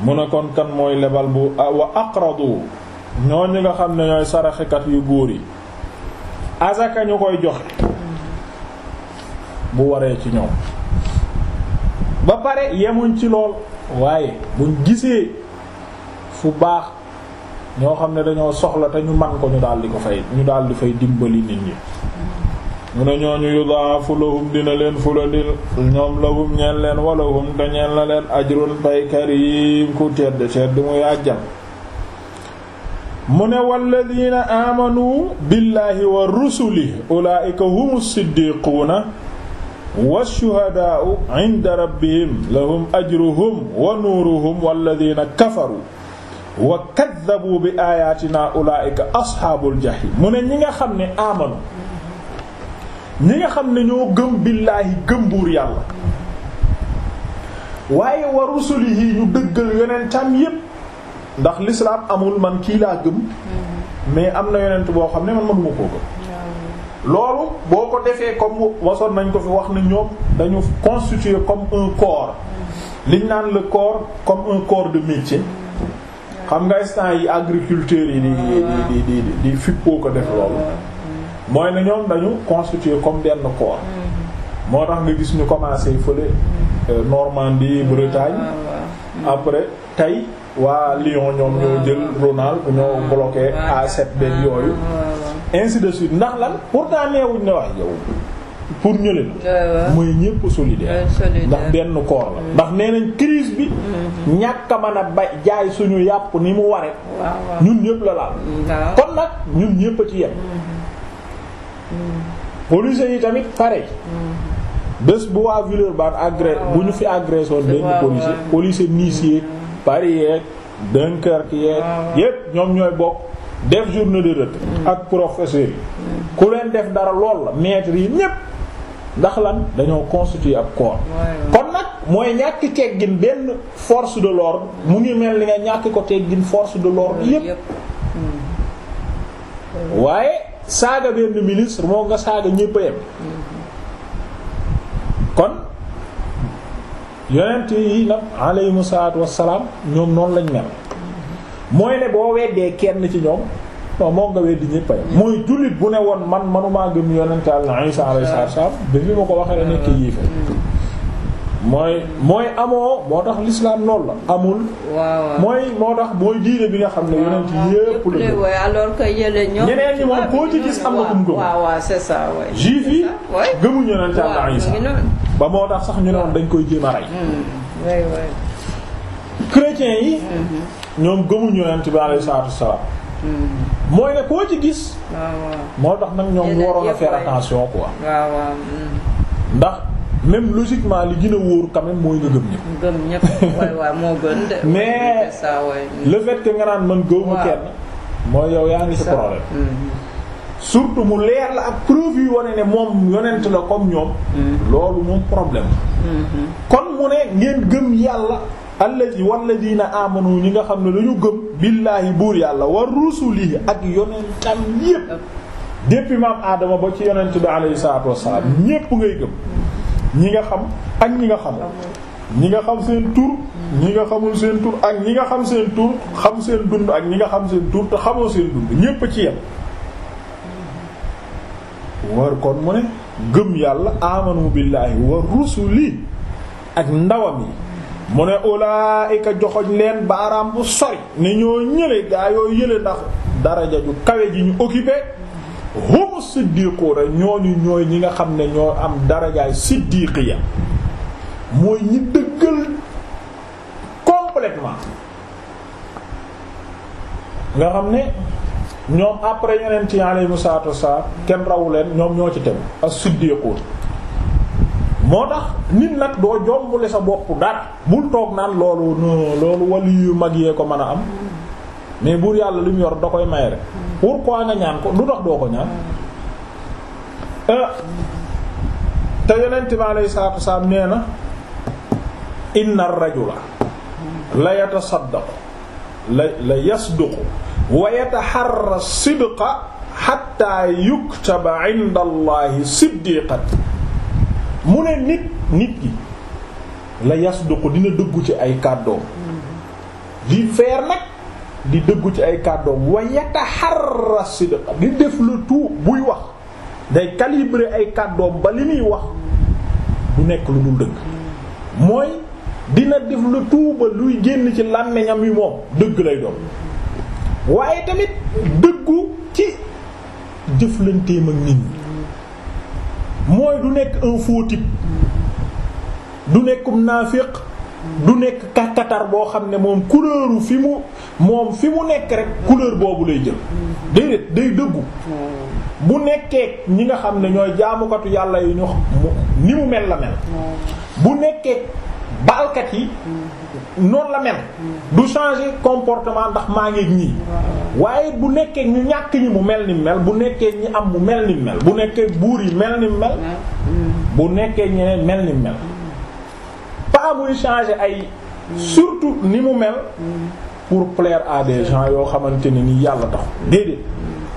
mu ne kon kan mooy lebal bu wa aqradu ñooñu nga xam ne ñooy saraxekat yu góor yi azaka ñu koy joxe bu waree ci ñoom ba pare yemuñ ci lool waaye buñ gisee fu baax ñoo xam ne dañoo soxla te ñu man ko ñu daal di ko fay ñu daal di fay dimbali nit ñi mu ne ñooñu yudaafu lahum dina leen fuladil ñoom lahum ñeen leen walahum te la leen ajrun pay karim ku tedd tedd muy àjjal mu ne walladina amanu billahi wa rusuli ulaika hum siddiquuna walshuhadaau inda rabbihim lahum ajruhum wa nuuruhum walladina kafaru wa kaddabu bi ayatina ulaika asxaabul jahim mu ne ñi nga xam ne amanu ñi nga xam ne ñoo gëm billaahi gëm buur yàlla waaye wa rusulihi ñu dëggal yonentam yépp ndax l'islam amul man kii laa gëm mais am na yonent boo xam ne man mënuma koo gëm loolu boo ko defee comme wasoon nañ ko fi wax ne ñoom dañu constitué comme un corps liñ naan le corps comme un corps de métier xam nga instant yi agriculteurs yi di di di di fippoo ko def loolu mooy ne ñoom dañu constitué comme benn corps moo tax nga gis ñu commencé fële euh, Normandie Bretagne ah, après tey waa Lyon ñoom ñoo ah. jël Ronald ñoo ah. bloqué A7 ah. beeg yooyu ainsi de suite ndax lan pourtant neewuñ ne wax yow pour ñële la mooy ñépp solidaire ndax benn koor la mm. ndax nee nañ crise bi mm-hmm. ñàkk a mën bay jaay suñu yàpp ni mu ware ñun ñëpp la laal mm, kon nag ñun ñépp ci yem mm-hmm. Mm-hmm. police yi tamit pareil bés bu waa Villeurbanne agré bu ñu fi agressé benn policier policier niisier pari yeeg dënkërk yeeg ah, yépp ñoom ñooy bokk def journée de retraite mm. ak professeurs yi ku leen def dara lool la maîtres yi ñépp ndax lan dañoo constituer ab corps kon nag mooy ñàkk teggin benn force de l'ordre mu ngi mel ni nga ñàkk ko teggin force de l'ordre yépp mm. waaye saaga benn ministre moo nga saaga ñépp a mm-hmm. kon yonent yi nag alayhimu salaatu wassalaam ñoom noonu lañ mel mooy ne boo weddee kenn ci ñoom non moo nga weddi ñëpp mooy jullit bu ne woon man manumaa gëm yonent Yàlla Isaa alayhi salaam bi fi ma ko waxee la nekk yéefee mooy mooy amoo moo tax l'islam loolu la amul. waaw mooy moo tax mooy diine bi nga xam ne yonent yépp la. alors que yële ñoom. ñeneen ñi moom koo ci gis am na ku mu c'est ça juif yi gëmuñu yonent Yàlla ba moo tax sax ñu ne woon dañ koy jéem a rey. waay hmm, yi. Hmm. ñoom gëmuñu yonent bi alayhi salaatu wassalaam. Hmm. mooy ne koo ci gis. moo tax nag ñoom ñu waroon a faire attention quoi. waaw ndax. même logiquement li gën a wóor quand même mooy nga gëm ñëpp. mais le fait que nga naan man gëwuma kenn. mooy yow yaa ngi ci problème. Mm-hmm. surtout mu leer la ak preuve yu wane ne moom yonent la comme ñoom. Mm-hmm. loolu moom problème mm-hmm. kon mu ne ngeen gëm yàlla. allazi walladina amanu ñi nga xam ne lañu gëm billaahi buur yàlla wa rusulihi ak yonentam yépp depuis maam Adama ba ci yonent bi alayhi salaatu wassalaam ñépp ngay gëm. ñi nga xam ak ñi nga xamul ñi nga xam seen tur ñi nga xamul seen tur ak ñi nga xam seen tur xam seen dund ak ñi nga xam seen tur te xamoo seen dund ñépp ci yem war kon mu ne gëm yàlla amanu billaahi wa rusuli ak ndawam yi mu ne ulaa'ika joxoñ leen baaraam bu sori ni ñoo ñële gaa yoo yële ndax daraja ju kawe ji ñu occupé hum siddiquuna ñooñu ñooy ñi nga xam ne ñoo am darajaay siddiqiya mooy ñi dëggal complètement nga xam ne ñoom après yonent yi alayhi salaatu wassalaam kenn rawu leen ñoom ñoo ci tegu as-siddiquun moo tax nit nag doo jombule sa bopp dara bul toog naan loolu loolu wali yu mag yee ko mën a am mais buur yàlla lu mu yor da koy maye rek pourquoi nga ñaan ko lu dox doo ko ñaan euh, te yonent bi alayhi salaatu wasalaam nee na inna ar-rajula la yatasaddaqu la la yasduqu wa yataharra sidqa hatta yuktaba inda allahi mu ne nit nit gi la yasduqu dina dëggu ci ay kàddoom li feer nag di dëggu ci ay kàddoom wa yataharra sidq di def le tout buy wax day calibrer ay kàddoom ba li muy wax du nekk lu dul dëgg mooy dina def le tout ba luy génn ci làmmiñam wi moom dëgg lay doon waaye tamit dëggu ci jëflanteem ak nit ñi mooy du nekk un faux du nekkum naafiq du nekk kàkkatar boo xam ne moom couleuru fi mu moom fi mu nekk rek couleur boobu lay jël déedéet day dëggu bu nekkee ñi nga xam ne ñooy jaamukatu yàlla yi ñu ni mu mel la mel bu nekkee baalkat yi noonu la mel du changer comportement ndax maa ngi ñii waaye bu nekkee ñu ñàkk ñi mu mel ni mel bu nekkee ñi am mu mel ni mel bu nekkee buur yi mel ni mel bu nekkee ñeneen mel ni mel pas muy changer ay surtout ni mu mel pour plaire à des yoo xamante ne ni yàlla tax déedéet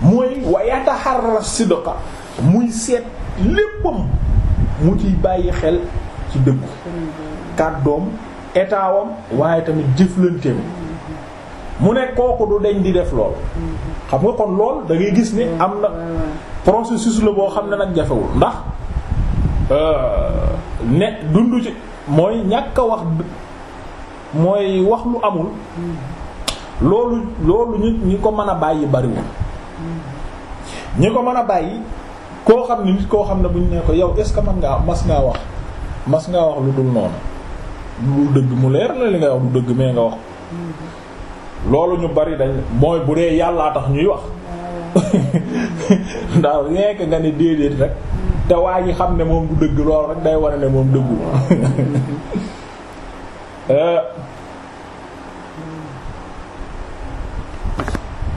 mooy wayata xarra sidqa muy seet léppam mu ciy bàyyi xel ci dëggu kàddoom état wam waaye tamit jëflanteem mu ne kooku du deñ di def lool xam nga kon lool da ngay gis ni am na processus la boo xam ne nag jafewul ndax euh, ne dund ci mooy ñàkk a wax mooy wax lu amul loolu loolu ñi ñi ko mën a bàyyi bariwul ñi ko mën a bàyyi koo xam ne nit koo xam ne bu ñu ne ko yow est ce que man ngaa mas ngaa wax mas ngaa wax lu dul noonu lu dëgg mu leer la li nga wax lu dëgg mais nga wax loolu ñu bari dañ mooy bu dee yàllaa tax ñuy wax ah ndax nekk nga ne déedéet rek te waa ji xam ne moom du dëgg lool rek day wane ne moom dëggu eh.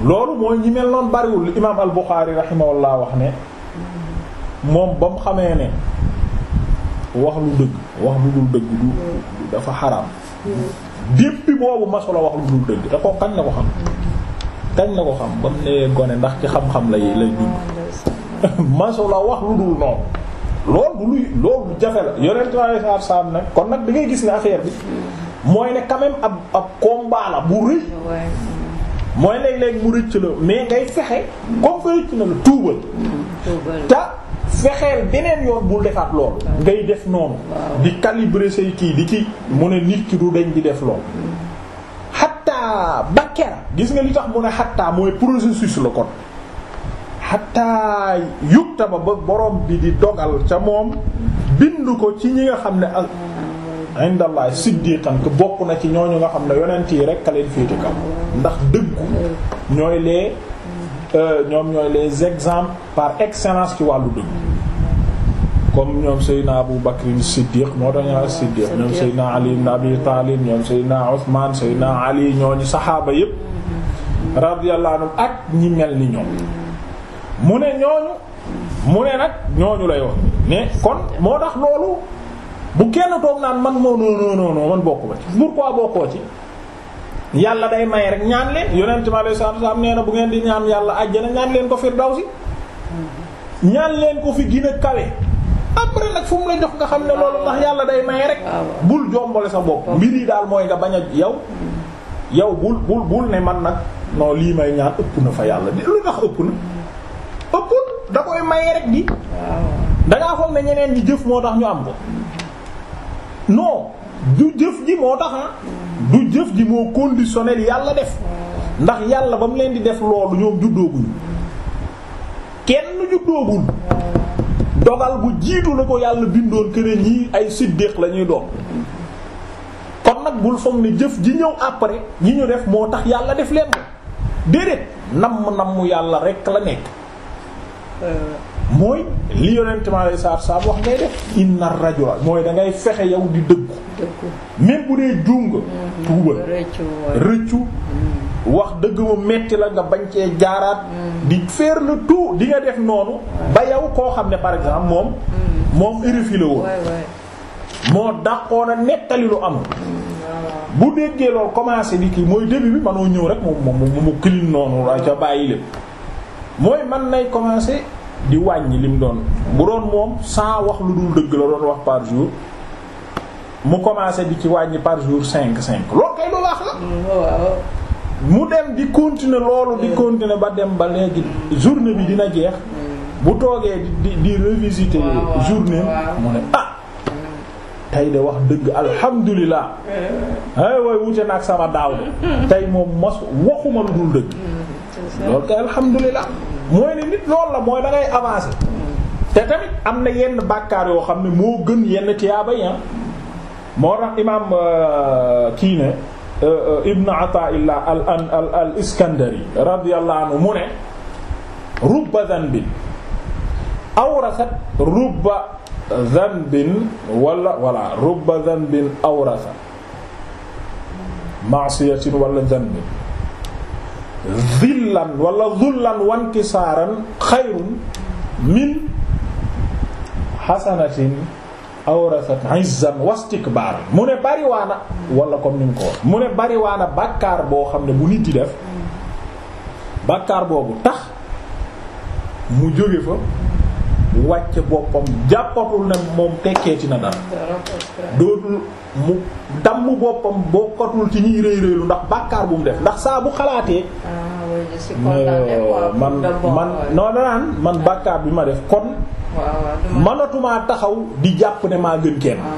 loolu mooy ñi mel noonu bariwul imaam al Buxaari rahimahullah wax ne moom ba mu xamee ne wax lu dëgg wax lu dul dëgg du dafa xaraam depuis boobu masula wax lu dul dëgg te ko kañ na ko xam kañ na ko xam ba mu nee gone ndax ci xam-xam la yi lay dund maso la wax lu dul noonu loolu du luy loolu lu jafe la yonentu Yàlla sallallahu alayhi wasallam nag kon nag da ngay gis ne affaire bi mooy ne quand même ab ab combat la bu rëy mooy léeg-léeg mu rëcc la mais ngay fexe comme que rëcc na la tuubal te fexeel beneen yoon bul defaat lool ngay def noonu di calibrer say kii di ci mu ne nit ki du dañ di def lool xattaa mm. ba kera gis nga li tax mu ne xattaa mooy processus la kon xataa yuktaba ba borom bi di dogal ca moom bind ko ci ñi nga xam ne ak indallah siddiqan bokk na ci ñooñu nga xam ne yonent yi rek a leen féete kaw ndax dëggu ñooy les euh, ñoom ñooy les exemples par excellence ci wàllu dëggu comme ñoom Seydina Abu Bakr Siddiq moo tax ñu Siddiq ñoom Seydina Ali ibn Abi Talib ñoom Seydina Ousmane Seydina Ali ñooñu saxaaba yépp radiyallahu anhum ak ñi mel ni ñoom mu ne ñooñu mu ne nag ñooñu la yoon mais kon moo tax loolu bu kenn toog naan man moo non non non man bokku ba ci pourquoi bokkoo ci yàlla day may rek ñaan leen yonent mi alayhi salaatu salaam nee na bu ngeen di ñaan yàlla àjjana ñaan leen ko firdawsi ñaan leen ko fi gën a kawe après nag fu mu la jox nga xam ne loolu ndax yàlla day may rek bul jombale sa bopp mbir yi daal mooy nga bañ a yow yow bul bul bul ne man nag non lii may ñaan yàlla lu ëpp na da koy maye rek di dangaa foog ne ñeneen di jëf moo tax ñu am ko non du jëf ji moo tax ah. du jëf ji moo conditionnel yàlla def ndax yàlla ba mu leen di def loolu ñoom juddooguñu kenn juddoogul dogal bu jiitu la ko yàlla bindoon këne ñii ay siddiq la ñuy doon kon nag bul foog ne jëf ji ñëw après yi ñu def moo tax yàlla def leen ko déedéet namm namm yàlla rekk la nekk Euh, mooy li yonent ma lay saab wax ngay def inna rajula mooy da ngay fexe yow di dëggu même dee juum nga mm-hmm. rëccu mm-hmm. wax dëgg mu metti la nga bañ cee jaaraat mm-hmm. di faire le tout di nga def noonu ba yow koo xam ne par exemple moom moom érifie la woon moo dàqoon na nettali lu am bu déggee loolu commencé di kii mooy début bi manoo ñëw rek moom moom mu kilin noonu la bàyyi lépp mooy man nay commencer di wàññi lim doon bu doon moom sans wax lu dul dëgg la doon wax par jour mu commencer bi ci wàññi par jour cinq cinq loolu kay lu wax la. Mm, mu dem di continuer loolu di mm. continuer ba dem ba léegi journée bi dina jeex. Mm. bu toogee di di revisiter journée mu ne ah. tey de wax dëgg alhamdulilah. ay way wute na ak sama daaw de. tey moom mos waxuma lu dul dëgg. loolu kay alhamdulilah mooy ne nit loolu la mooy da ngay avancé te tamit am na yenn bàkkaar yoo xam ne moo gën yenn tiyaaba yi ah. moo tax imaam euh, kii ne euh, euh, ibn ataillah al al al iskandari radiyallahu anhu mu ne rubba dhanbin awrasat rubba dhanbin wala wala rubba dhanbin awrasat ma'siyatin wala dhanbin zillan wala zullan wankisaaran xayrun min xasanatin awrasat izzan wastikbaaran mu ne bariwaana wala comme ni mu ko wax mu ne bariwaana bàkkaar boo xam ne bu nit di def bàkkaar boobu tax mu jóge fa wàcc boppam jàppatul ne moom tekkeeti na dara dootul mu damm boppam bokkatul ci ñuy rëy rëylu ndax bàkkaar bu mu def ndax saa bu xalaatee ah, euh, man man non danaan man bàkkaar bi ma def kon manatumaa taxaw di jàpp ne maa gën kenn ah,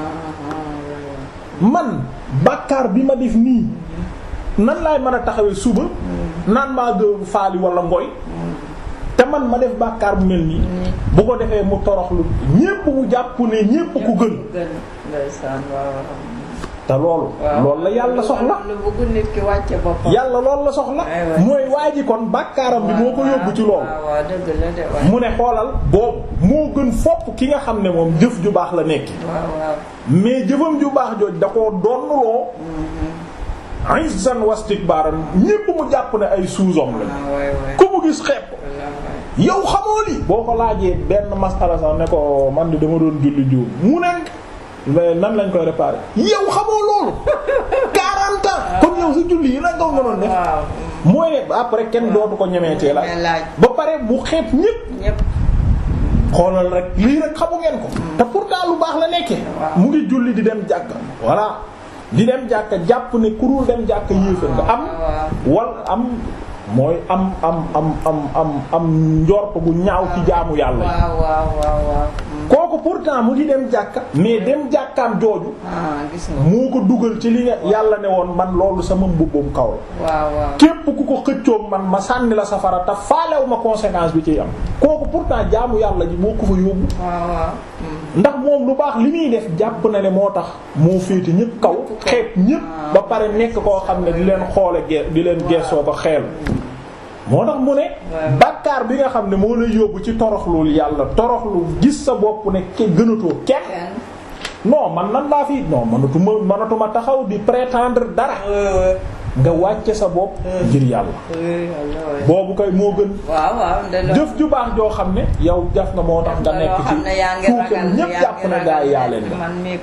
ah, man bàkkaar bi ma def nii nan laay mën a taxawee suba mm. naan maa gën faali wala ngoy mm. te man ma def bàkkaar bu mel nii bu ko defee mu toroxlu ñépp mu jàpp ne ñépp ku gën te loolu loolu la yàlla soxla yàlla loolu la soxla mooy waa ji kon bàkkaaram bi moo ko yóbbu ci loolu mu ne xoolal boobu moo gën fopp ki nga xam ne moom jëf ju baax la nekk mais jëfam ju baax jooj da koo donnuloo mm-hmm. izan wastikbaran ñépp mu jàpp ne ay sous la ah, ku mu gis xepp yow xamoo li boo ko laajee benn masala sax ne ko man di dama doon julli juum mu ne nan lañ koy réparer yow xamoo loolu 40 ans kon yow si julli yi la nga doon def mooy après kenn dootu ko ñemeetee la ba pare mu xeet ñépp xoolal rek lii rek xamu ngeen ko mm. te pourtant lu baax la nekkee mu ngi julli di dem jàkk voilà di dem jàkk jàpp ne kurul dem jàkk yéefal nga am wal am mooy am am am am am am njort gu ñaaw ci jaamu yàlla yi. waaw waaw waaw hmm. kooku pourtant mu di dem jàkka. mais dem jàkkaam jooju. Ah, moo ko dugal ci li yàlla ne woon man loolu sama mbubbum kaw la. waaw képp ku ko xëccoog man ma sànni la safara te faalew ma conséquence bi ciy am. kooku pourtant jaamu yàlla ji moo ko fa yóbbu. Hmm. ndax moom lu baax li muy def jàpp na ne moo tax moo féete ñépp kaw. xeet ñépp ba pare nekk koo xam ne di leen xoole ge di leen geesoo ko xeel. moo tax mu ne bàkkaar bi nga xam ne moo lay yóbbu ci toroxlul yàlla toroxlu gis sa bopp ne ke gënatoo kenn non man nan laa fi non manatuma manatuma taxaw di prétendre dara nga wàcce sa bopp mm. ngir yàlla boobu koy moo gën waaw waaw jëf ju baax joo xam ne yow jaf nga moo tax nga nekk ci suufe ñépp jàpp na gaa yaa leen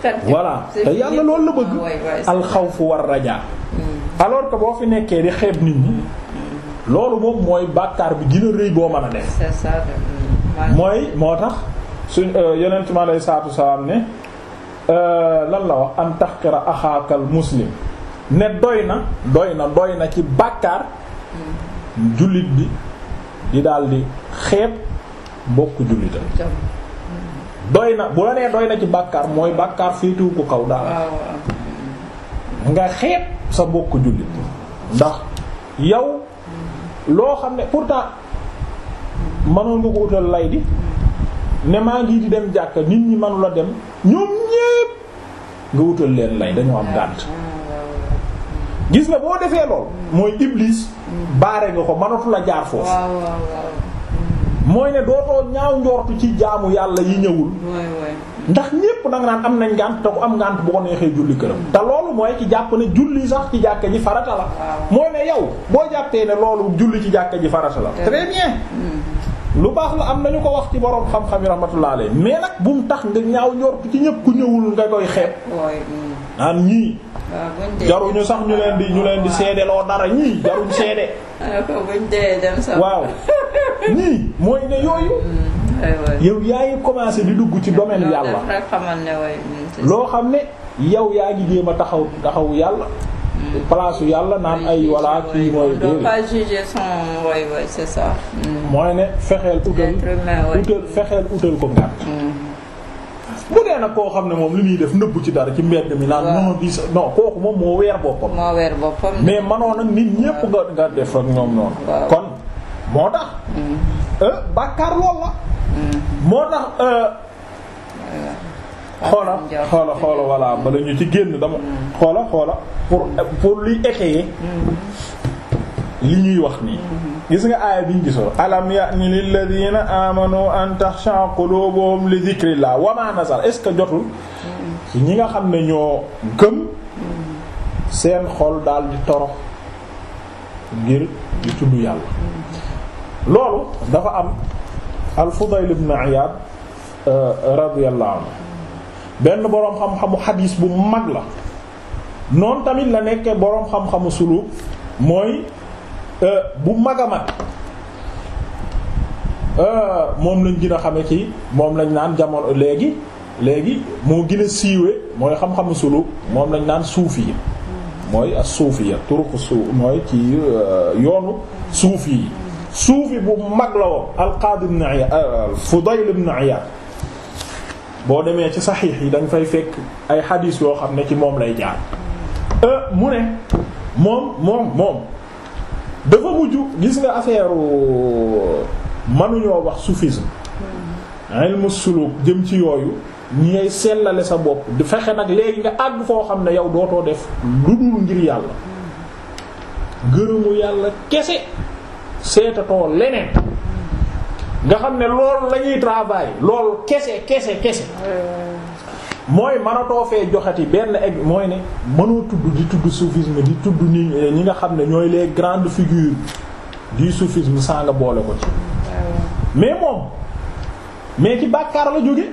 da voilà te yàlla loolu la bëgg fu war rajaa alors que boo fi nekkee di xeeb nit ñi mm. loolu moom mooy bàkkaar bi gën a rëy boo mën a def. Euh, mooy moo tax suñ euh, yonent mi alayhi salaatu salaam ne euh, lan la wax an tahqira axaakal muslim ne doy na doy na doy na ci bàkkaar mm. jullit bi di daal di xeeb bokk jullitam mm. doy na bu la nee doy na ci bàkkaar mooy bàkkaar féetuwu ko kaw daal nga xeet sa bokk jullit ndax yow loo xam ne pourtant mënoon nga ko utal lay di ne ngi di dem jàkka nit ñi manula dem ñoom ñépp nga wutal leen lay dañoo am gànt gis na boo defee lool mooy iblis baare nga ko mënatu la jaar foofu mooy ne dootoo ñaaw njortu ci jaamu yàlla yi ñëwul ndax ñépp nag daan am nañ ngànt te ku am ngànt boo ko neexee julli këram te loolu mooy ci jàpp ne julli sax ci jàkka ji farata la mooy ne yow boo jàppee ne loolu julli ci jàkka ji farata la très bien lu baax la am nañu ko wax ci borom xam-xam yi rahmatullah alayhi mais nag bu mu tax nga ñaaw njortu ci ñépp ku ñëwul nga koy xeeb naan ñii jaruñu sax ñu leen di ñu leen di seede loo dara ñii jaruñ seede waaw ñii mooy ne yooyu mm, yow yaay commencé di dugg ci domaine yàlla loo xam ne yow yaa ngi jéem taxaw taxaw yàlla mm. place yàlla naan ay walla kii mooy mm. mooy ne fexeel utal utal fexeel utal ko ngàtt bu dee nag koo xam ne moom li muy def nëbbu ci dara ci mbedd mi naan a di non kooku moom moo weer boppam mais manoon nag nit ñépp nga nga def ak ñoom noonu kon moo tax mm-hmm. euh, bàkkaar lool la mm-hmm. moo tax euh, xoola xoola xoola voilà bala ñu ci génn dama mm-hmm. xoola xoola pour pour luy étayer li ñuy wax nii gis nga aaya biñ gisoo alam ya'ni lilladina amanu an taxsha qulubuhum li dhikrillah wa ma nazar est-ce que jotul ñi nga xam ne ñoo gëm seen xol daal di torox ngir di tudd yàlla loolu dafa am al-Fudayl ibn Iyad euh, radiyallahu anhu benn boroom xam-xamu xadiis bu mag la noonu tamit la nekkee boroom xam-xamu suluk mooy bu mag a mag euh, moom lañ gën a xame ci moom lañ naan jamono léegi léegi moo gën a siiwee mooy xam-xamu suluk moom lañ naan suufi yi mooy as suufi ya turuq suuf mooy ci euh, yoonu suufi yi suufi bu mag la woon alqaadi ibn Iyaad euh, Fudayl ibn Iyaad boo demee ci saxiix yi dañ fay fekk ay xadiis yoo xam ne ci moom lay jaar mu ne moom moom moom dafa mujj gis nga affaire mënuñoo wax soufisme ilmu suluk jëm ci yooyu ñi ngay sellale sa bopp di fexe nag léegi nga àgg foo xam ne yow dootoo def lu dul ngir yàlla gërëmu yàlla kese seetatoo leneen nga xam ne loolu lañuy travail loolu kese kese kese mooy mënatoo fee joxati benn egg mooy ne mënoo tudd di tudd soufisme di tudd ni eh, ñi nga xam ne ñooy les grandes figures du soufisme saa nga boole ko ci. mais moom mais ci bàkkaar la jóge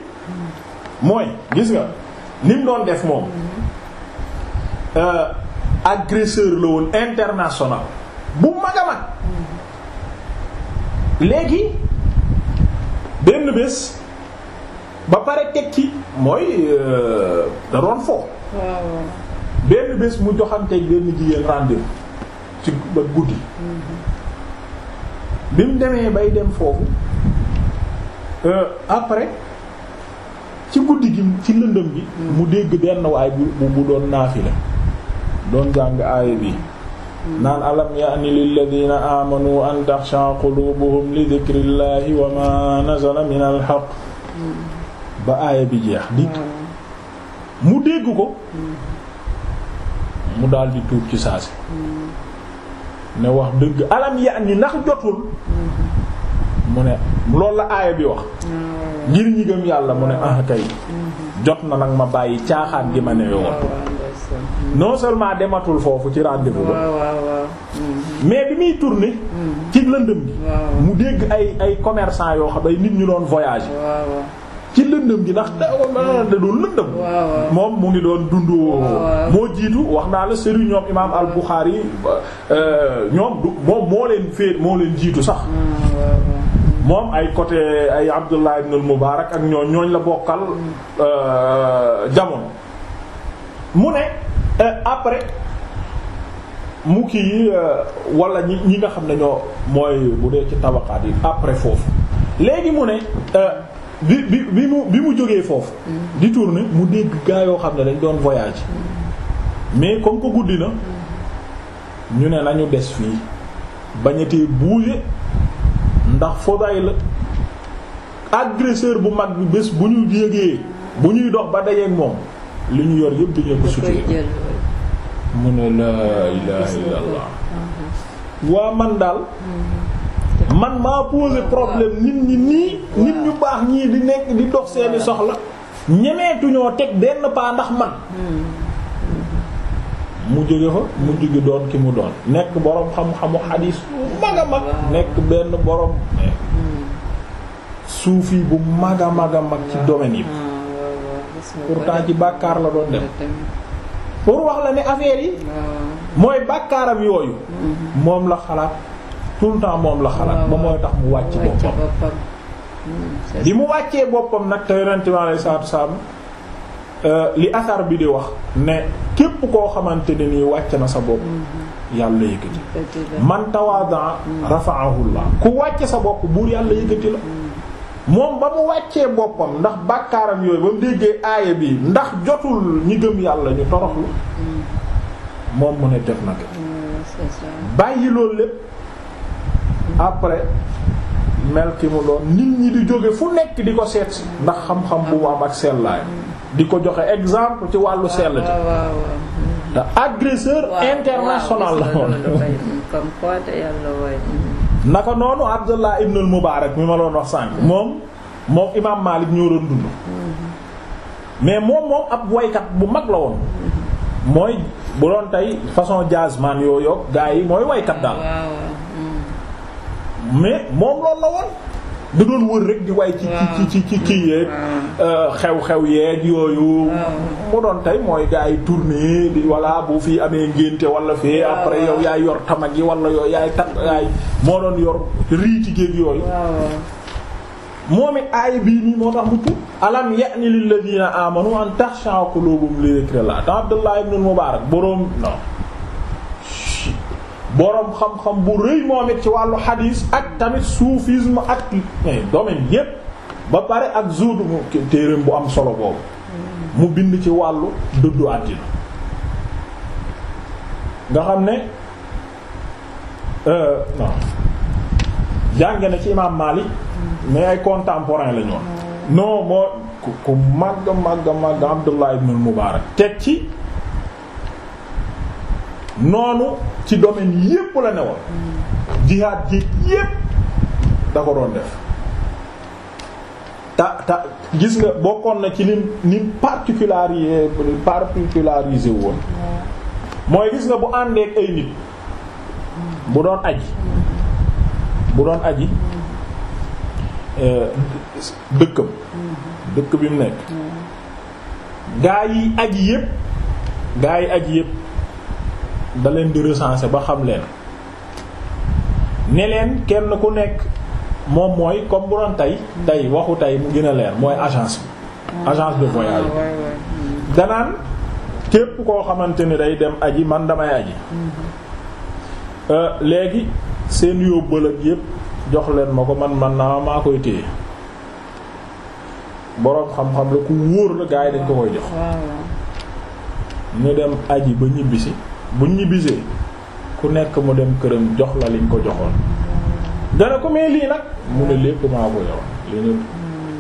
mooy gis nga ni doon def moom euh, agresseur la woon international bu mag a léegi benn bés. ba pare teg ci mooy euh, da doon fo benn bés mu joxanteeg benn jigéen rendez-vous ci ba guddi mm-hmm. bi mu demee bay dem foofu euh, après ci guddi gi ci lëndëm bi mm-hmm. mu dégg benn waay bu bu doon naafila doon jàng aaya bi mm-hmm. naan alam ya'ni lilladina amanu an taxsha qulubuhum li dhikrillahi wa ma nazala min ba aaya bi jeex dikk mu dégg ko mu daal di tuub ci saa si ne wax dëgg alam ya ni ndax jotul mu ne lool la aaya bi wax ngir ñi yàlla mu ne ah kay jot na nag ma bàyyi caaxaan gi ma ne woon non seulement dematul foofu ci rendez-vous ba mais bi muy tourner ci lëndëm gi mu dégg ay ay commerçant yoo xam nit ñu doon voyager ci lëndëm gi ndax da doon lëndëm moom mu ngi doon dund moo jiitu wax naa la sëriñ ñoom imaam al-Bukhari euh, ñoom du moom moo leen féet moo leen jiitu sax mm, moom ay côté ay Abdullah ibn al-Mubarak ak ñooñ ñooñ la bokkal euh, jamono mu ne euh, après mu kii wala ñi ñi nga xam ne ñoo mooy bu dee ci tabaqaat yi après foofu léegi mu ne bi bi bi mu bi mu jógee foofu. di tourner mu dégg gaa yoo xam ne dañ doon voyage. mais comme ko guddi na. ñu ne nañu des fii bañatee bouger ndax foday la agresseur bu mag bi bés bu ñu yégee bu ñuy dox ba dajeeg moom li ñu yor yëpp dañoo ko suturé mu ne laa ilaha illallah waa man daal mm-hmm. man maa posé problème nit ñi nii nit ñu baax ñii di nekk di dox seeni soxla ñemeetuñoo teg benn paa ndax man mu jóge fa mu jóge doon ki mu doon nekk borom xam-xamu xadiis bu mag mag nekk benn borom suufi bu mag a mag ci domaine yi pourtant ci bàkkaar la doon dem pour wax la ne affaire yi ah. mooy bàkkaaram yooyu mm-hmm. moom la xalaat tout le temps moom la xalaat ba mooy tax mu wàcc boppam hmm, bi mu wàccee boppam nag te yonent bi alayhi salaatu salaam euh, li asar bi di wax ne képp koo xamante ne nii wàcc na sa bopp hmm. yàlla yëkkati man tawaada hmm. rafa'ahullah ku wàcce sa bopp buur yàlla yëkkati la moom ba mu wàccee boppam ndax bàkkaaram yooyu ba mu déggee aaya bi ndax jotul ñi gëm yàlla ñu toroxlu moom mu ne def na bàyyi loolu lépp après mel ki mu doon nit ñi di jóge fu nekk di ko seet si ndax xam-xam bu am ak sellaay di ko joxe exemple ci wàllu ah, sell te agresseur international la woon naka noonu Abdullah ibn al-Mubarak mi ma doon wax sànq moom moom imaam Malik ñoo doon mm-hmm. mais moom moom ab waykat bu mag la woon mm-hmm. mooy bu doon tey façon jazzman yooyu gaa yi mooy waykat daal mais moom loolu la woon da doon wër rek di way ci ci ci ci kii yeeg euh, xew-xew yeeg yooyu mu doon tey mooy gars yi tournée di walla bu fi amee ngénte wala fee après yaay yor tamag yi wala yooyu yaay tag yaay moo doon yor riiti géeg yooyu moom it aay bii nii moo tax mu tudd alam ya'ni lilladina amanu an taxsha qulubuhum li dhikrillah ta Abdullah ibn Mubarak boroom non boroom xam-xam bu rëy moom ci wàllu xadiis ak tamit soufisme ak domaine yépp ba pare ak zuudu téereem bu am solo boobu mu bind ci wàllu dëddu àddina nga xam ne euh, non na ci imaam Maalik mais ay contemporain la ñoon non ku màgg màgg màgg Abdullah ibn Mubaarak teg ci noonu ci domaine yépp la newoon jihaad ji yépp da ko doon def ta ta gis nga bokkoon na ci lim lim particulier particularisé woon mooy gis nga bu àndeek ay nit bu doon aji bu doon aji euh, dëkkam dëkk bi mu nekk gaa yi aji yépp gaa yi aji yépp da leen di recenser ba xam leen ne leen kenn ku nekk moom mooy comme bu doon tey tey waxu tey mu gën a leer mooy agence bi agence de voyage bi ah, danaan képp koo xamante ni day dem aji man damay aji mm-hmm. euh, léegi seen yóbbal ak yépp jox leen ma ko man man naa maa koy téye boroom xam-xam la ku wóor la gars yi dañ ko koy jox ah, ñu dem aji ba ñibbisi bu ñibbisee ku nekk mu dem këram jox la liñ ko joxoon dana ko mais lii nag mu ne lépp maa ko yow lii hmm.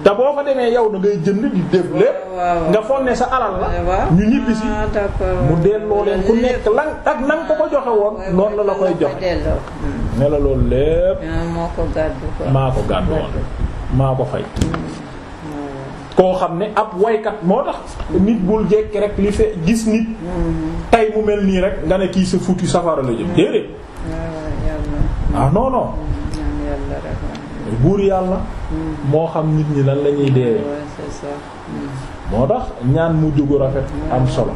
te boo fa demee yow na ngay jënd di def lépp nga fonne sa alal la ñu ñibbisi ah, mu delloo leen ku nekk lan ak nan ko ko joxe woon noonu la la koy joxe ne loolu lépp ah, maa ko gàddu woon maa ko fay hmm. koo xam ne ab woykat moo tax nit bul jekki rek li fe gis nit tey mu mel nii rek nga ne kii sa fuuti safara la jëm déedéet ah non buur yàlla moo xam nit ñi lan la ñuy deewee moo tax ñaan mujj gu rafet am solo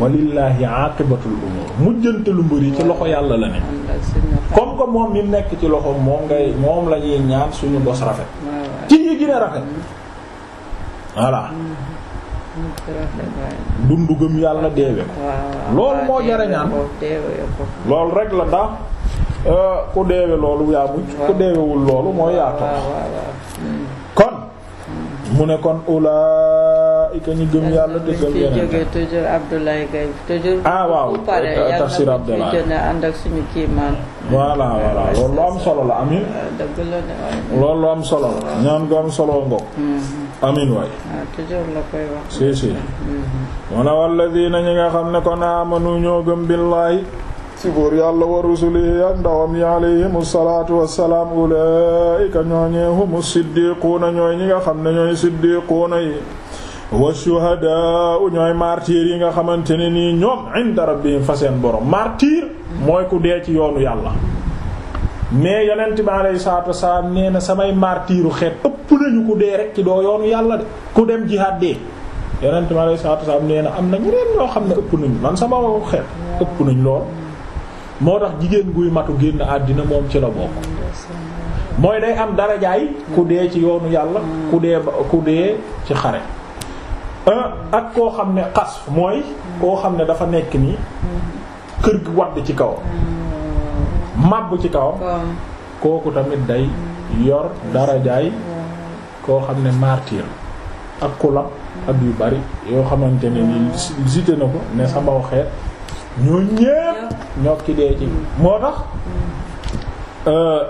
walillaahi aqibatul umur lu mbir yi ci loxo yàlla la ne comme que moom ni nekk ci loxo moom ngay moom la ñuy ñaan suñu bos rafet ci ñi gën rafet voilà dundu gëm yàlla deewe ko loolu moo jare ñaan loolu rek la ndax euh, ku deewe loolu yaa mucc ku deewewul loolu mooy yaatoo kon mu ne kon ulaa'ika ñi gëm yàlla te gëm yeneen toujours Abdoulaye Gaye toujours ah waaw euh, tafsir Abdoulaye ànd ak suñu kiimaan voilà voilà loolu lu am solo la amin loolu lu am solo la ñaan gu am solo ngoog mm-hmm. amin waay ah, si si mu mm-hmm. ne ñi nga xam ne kon amanu ñoo gëm billaahi ci buur yàlla wa rusulihi ak ndawam yi alayhimu salaatu wassalaam ulaa'ika ñooñee humu siddiquuna ñooy ñi nga xam ne ñooy siddiquuna yi wa shuhadaa ñooy martyr yi nga xamante ne nii ñoom inda rabbihim fa seen borom martyr mooy ku dee ci yoonu yàlla mais yonent bi alayhi salaatu wassalaam nee samay martyru xeet ëpp nañu ku dee rek ci doo yoonu yàlla de ku dem jihaad dee yonent mi alayhi salaatu wasallam nee na am na ñeneen ñoo xam ne ëpp nañu man sama xeet ëpp nañ lool moo tax jigéen guy matu génn àddina moom ci la bokk mooy day am darajaay ku dee ci yoonu yàlla ku dee ku dee ci xare euh, ak koo xam ne xas mooy koo xam ne dafa nekk nii kër gi wadd ci kawam màbb ci kawam kooku tamit day yor darajaay koo xam ne martyr ak ku lab ak yu bari yoo xamante ne ni cité na ko ne sama xeet ñoo ñépp ñoo ki dee ci moo tax euh,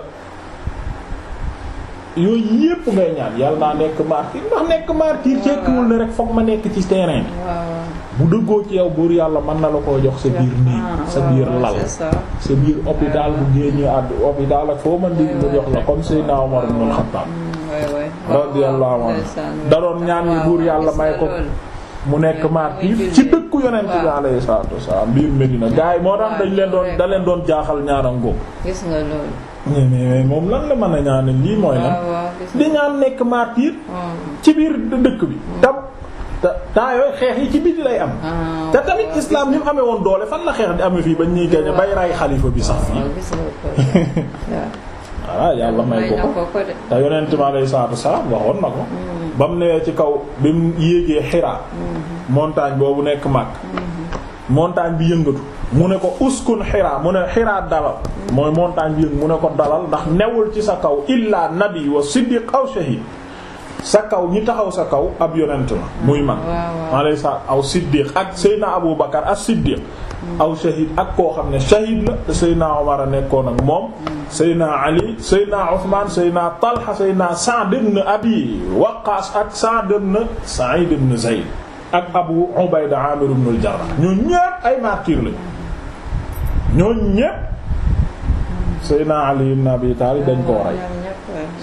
yooyu yépp ngay ñaan yàlla naa nekk martyr ndax nekk martyr cekkiwul ne rek foog ma nekk ci terrain bi bu dëggoo ci yow buur yàlla mën na la koo jox sa biir néeg ah, sa biir lal sa biir hôpital bu génn àdd hôpital ak foo mën di mu jox la comme Seydina Omar ibn Khattab radiyallahu anhu da doon ñaan yi buur yàlla may ko mu nekk martyr ci dëkku yonent bi alayhi saa wasalaam biir Medina gaa moo tax dañ leen doon da leen doon jaaxal ñaaram góob gis moom lan la mën a ñaane lii mooy lan di ñaan nekk martyr mm. ci biir dëkk bi mm. tam te temps xeex yi ci biti lay am ah, te tamit islam ni mu amee woon doole fan la xeex di amee fii bañ ñuy gañe bay ray xalifa bi sax ah yàlla may ko ko te yonent mi alayhi salaatu wasalaam waxoon na ko mm. ba mu newee ci kaw bi mu yéegee xiraa mm-hmm. montagne boobu nekk mag mm-hmm. montagne bi yëngatu mu ne ko uskun xiraa mu ne xiraa dalal mm. mooy montagne bi yëng mu ne ko dalal ndax newul ci sa kaw illaa nabi wa siddiq aw shahid sa kaw ñi taxaw sa kaw ab yonent la muy man alayhi salaatu aw siddiq ak Seydina Abu Bakar siddiq aw shahid ak koo xam ne shahid la Seydina Omar a nekkoon ak moom Seydina Ali Seydina Ousmane Seydina Talha Seydina Sa'd ibn Abi Waqqas ak Sa'd ibn Sa'id ibn Zayd ak Abu Ubayda Amir ibn al-Jarrah ñoo ñépp ay martyrs lañu ñoo ñépp Seydina Ali ibn Abi Talib dañ koo rey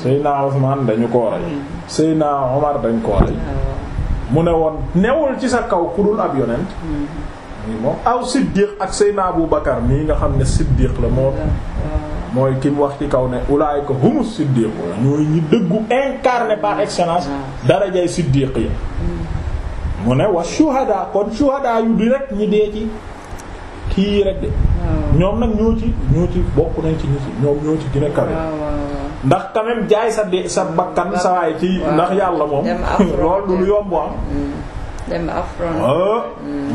Seydina Ousmane dañu koo rey Seydina Omar dañ koo rey mm. mu ne woon newul ci sa kaw ku dul ab yonent mm. moom aw siddiq ak sayna Abu Bakar mii nga xam ne siddiq la moo mooy ki mu wax ci kaw ne ulaayika humu siddiq ñooy ñi dëggu incarné par excellence ah. darajay siddiq yi hmm. mu ne wa shuhada kon shuhada yu di rek ñi dee ci kii rek de hmm. ñoom nag ñoo ci ñoo ci bokk nañ ci ñu ci ñoom ñoo ci gën a kawe ah, ndax quand jaay sa de bakkan sa waay ci ndax yàlla moom loolu du lu yomb am ah. hmm. dem ah,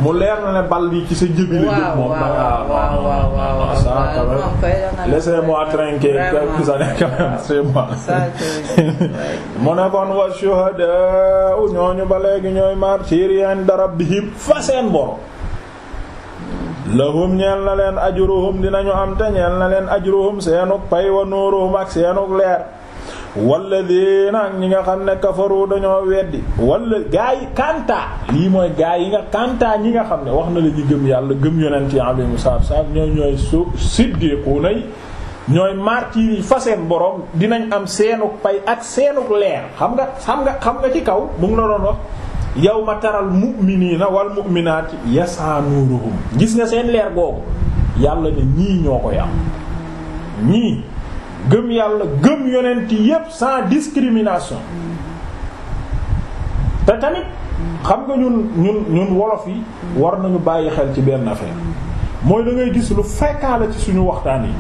mu leer na ne bal yi ci sa jëbi la moom. waaw waaw waaw waaw ah, ça laissez-moi trinquer quelques années mu ne kon wa shuhada ñooñu ba léegi ñooy martyrs inda rabbihim fa seen borom. lahum ñeel na leen ajruhum dinañu am te ñeel na leen ajruhum seenug pay wa nuuruhum ak seenug leer. walladina ñi nga xam ne kafaru dañoo weddi wala gaa yi kanta lii mooy gaa yi nga kanta ñi nga xam ne wax na la ñu gëm yàlla gëm yonent yi alayhi salaam ñooy ñooy su siddiquuna ñooy martyr yi fa seen boroom dinañ am seenu pay ak seenuk leer xam nga xam nga xam nga ci kaw mu ngi la doon wax yow ma taral na wal mu'minati yas'a nuruhum gis nga seen leer googu yàlla ne ñii ñoo koy am ñii gëm yàlla gëm yonent yépp sans discrimination te tamit xam nga ñun ñun wolof yi war nañu bàyyi xel ci benn affaire mooy da ngay gis lu fekkaale ci suñu waxtaan yi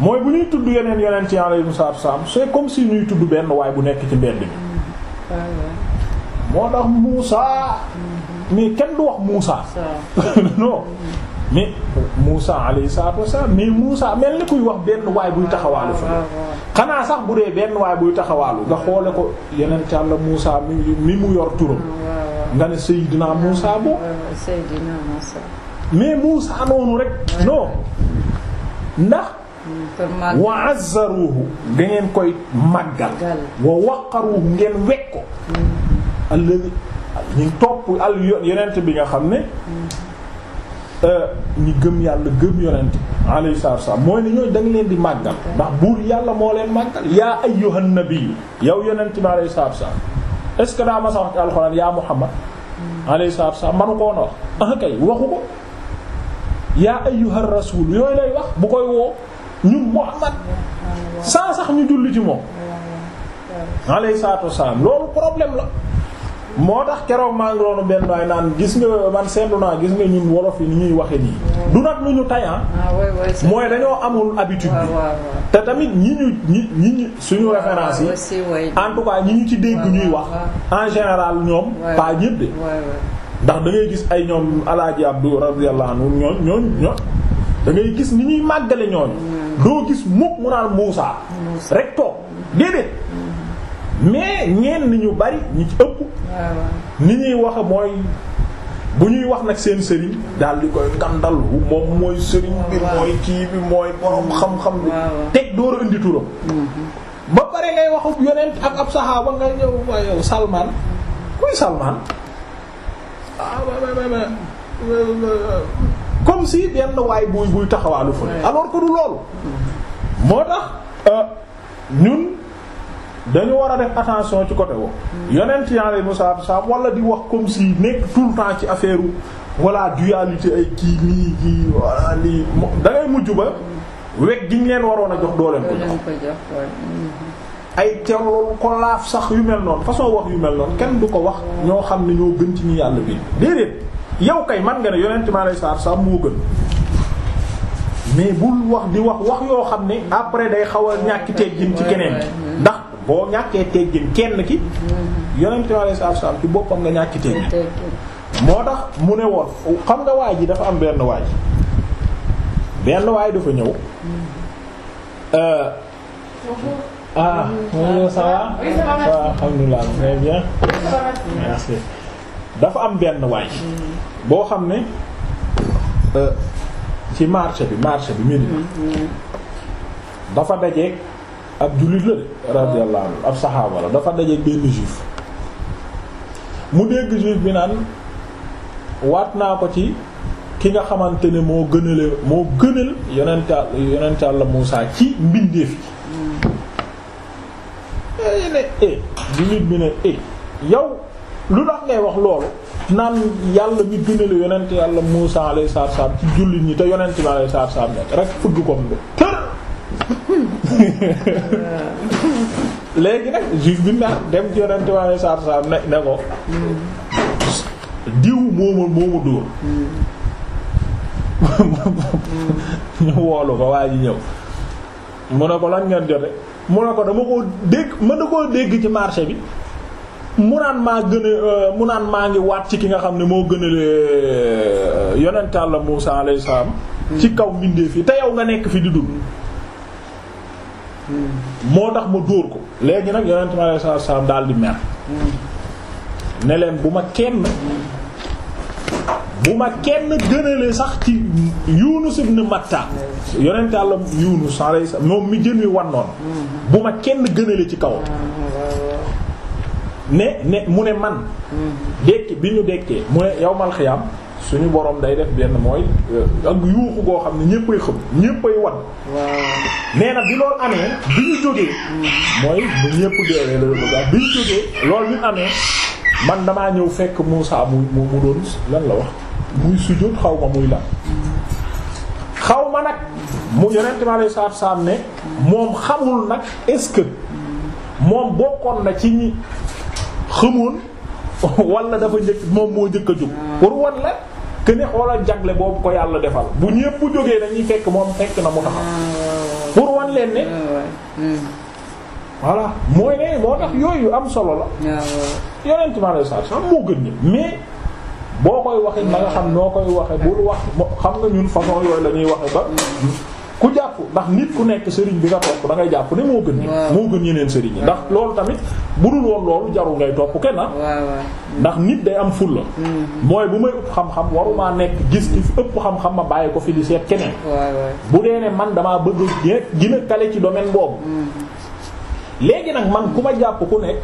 mooy bu ñuy tudd yeneen yonent yi alayhimu salaatu wassalaam c'est comme si ñuy tudd benn waay bu nekk ci mbedd bi moo tax Muusa mais kenn du wax Muusa non mais Moussa alayhi salaatu wasalaam mais Moussa mel ni kuy wax benn waay buy taxawaalu fa xanaa sax bu dee benn waay buy taxawaalu nga xoole ko yonent Yàlla Moussa mi mi mu yor turam nga ne Seydina Moussa bo mais Moussa noonu rek non ndax wa azzaruhu da ngeen koy màggal wa waqaruhu ngeen wekko mm-hmm. alladi ñu topp al yonent bi nga xam ne mm-hmm. Euh, ñi gëm yàlla gëm yonent alayhi salaatu wasallam mooy ne ñooy da leen di màggal ndax buur yàlla moo leen màggal yaa ayyuhan nabiyyu yow yonent bi alayhi salaatu wasallam est-ce que daa ma sax ci alxuraan yaa muhammad alayhi salaatu wasallam manu ko woon wax ah waxu ko yaa ayyuhar rasul yooyu lay wax bu koy woo ñun muhammad saa sax ñu julli ci moom alayhi salaatu wasallam loolu problème la moo tax keroog maa ngi doon benn waay naan gis nga man seetlu naa gis nga ñun wolof yi ni ñuy waxe nii. du nag lu ñu tay ah. Ah, mooy dañoo amul habitude bi. te tamit ñi ñu ñi ñi suñu référence yi. en tout cas ñi ñu ci dégg ñuy wax. en général ñoom. pas ñëpp ndax dangay gis ay ñoom alaaji Abdu radiyallahu anhu ñooñ ñooñ ñooñ da gis ni ñuy màggale ñooñ mm. doo gis mukk mu naan Muusa rek toog déedéet. mais ñeen ni ñu bari ñi ci ëpp ni ñuy wax mooy bu ñuy wax nag seen sëriñ daal di koy ngandal moom mooy sëriñ bi mooy kii bi mooy borom mm. xam-xam teg door a indi turam mm-hmm. ba pare ngay waxub yonent ak ab saxaaba nga ñëw waa yow Salman kuy Salman ah, comme si benn waay buy buy taxawaalu fa alors que du loolu moo tax euh, ñun dañu war a def attention ci côté wo yonent yàlla Musaa saab wala di wax comme si nekk tout temps ci affaire voilà dualité ay kii nii kii voilà lii da ngay mujj ba wekk gi ñu waroon a jox doo leen ko jox ay teew loolu sax yu mel noonu façon wax yu mel noonu kenn du ko wax ñoo xam ne ñoo gën ci ñu yàlla bi déedéet yow kay man nga ne yonent ma lay saar sax moo gën mais bul wax di wax wax yoo xam ne après day xaw a ñàkk teggin ci keneen ndax boo ñàkkee teggin kenn ki yonent sa alayhi salaatu salaam ci boppam nga ñàkk teggin moo tax mu ne woon xam nga waay ji dafa am benn waay benn waay dafa ñëw dafa am benn waay boo xam ne euh, ci marché bi marché bi Médina mm-hmm. dafa dajeek ab jullit la de radiyallahu anhu ab saxaaba la dafa daje benn juif mu dégg juif bi naan waat naa ko ci ki nga xamante ne moo gënale moo gënal yonent yonent Yàlla Muusaa ci mbindeef yi eh, ne eh, jullit bi ne e yow lu tax ngay wax loolu naan yàlla mi gënale yonent Yàlla Muusaa alayhi salaam ci jullit ñi te yonent bi alayhi salaam rek fëgg ko mu tër léegi nag juif bi naan dem ci yonente waaye saar saar ne ne ko diw mooma mooma dóor ñu woolu ko waa ji ñëw mu ne ko lan ngeen jote mu ne ko dama koo dégg mën na koo dégg ci marché bi mu naan maa gën a euh, mu naan maa ngi waat ci ki nga xam ne moo gën a euh, yonent Yàlla Muusaa alayhi salaam hmm. ci kaw mbindeef fii te yow nga nekk fi di dund moo tax ma dóor ko léegi nag yonent mi alayhi salaatu salaam di mer ne leen bu ma kenn bu ma kenn gënale sax ci Yunus ibn Matta yonent Yàlla Yunus alayhi salaam moom mi jën wi wannoon bu ma kenn gënale ci kaw ne ne mu ne man hmm. dekki bi ñu dekkee mu ne yawmal xiyaam suñu borom day def benn mooy euh, ak yuuxu goo xam ne ñéppay xam ñéppay wan. nee na bi loolu amee bi ñu jógee. mooy bu ñépp deewee la loolu bi ñu jógee loolu bi amee man damaa ñëw fekk Moussa mu mu mu doon lan la wax muy sujjóot xaw ma muy lan. xaw ma nag mu yonent ma lay saaf saaf ne moom xamul nag est-ce que moom bokkoon na ci ñi xamoon. wala dafa njëkk moom moo njëkk a jóg pour wan la que ne xoolal jagle boobu ko yàlla defal bu ñépp jógee dañuy fekk moom fekk na mu taxaw pour wan leen ne mooy ne moo tax yooyu am solo la yonent mi alei satu salam moo gën ñi mais boo koy waxee na nga xam noo koy waxe bul wax xam nga ñun façon yooyu la ñuy waxe ba ndax nit ku nekk sëriñ bi nga topp da ngay jàpp ne moo gën ñëpp moo gën yeneen sëriñ yi ndax loolu tamit bu dul woon loolu jarul ngay topp kenn ah. ndax nit day am fulla hmm. mooy bu may ëpp xam-xam warumaa nekk gis ki fi ëpp xam-xam ma bàyyi ko fi di seet keneen bu dee ne man damaa bëgg gën a kale ci domaine boobu hmm. léegi nag man ku ma jàpp ku nekk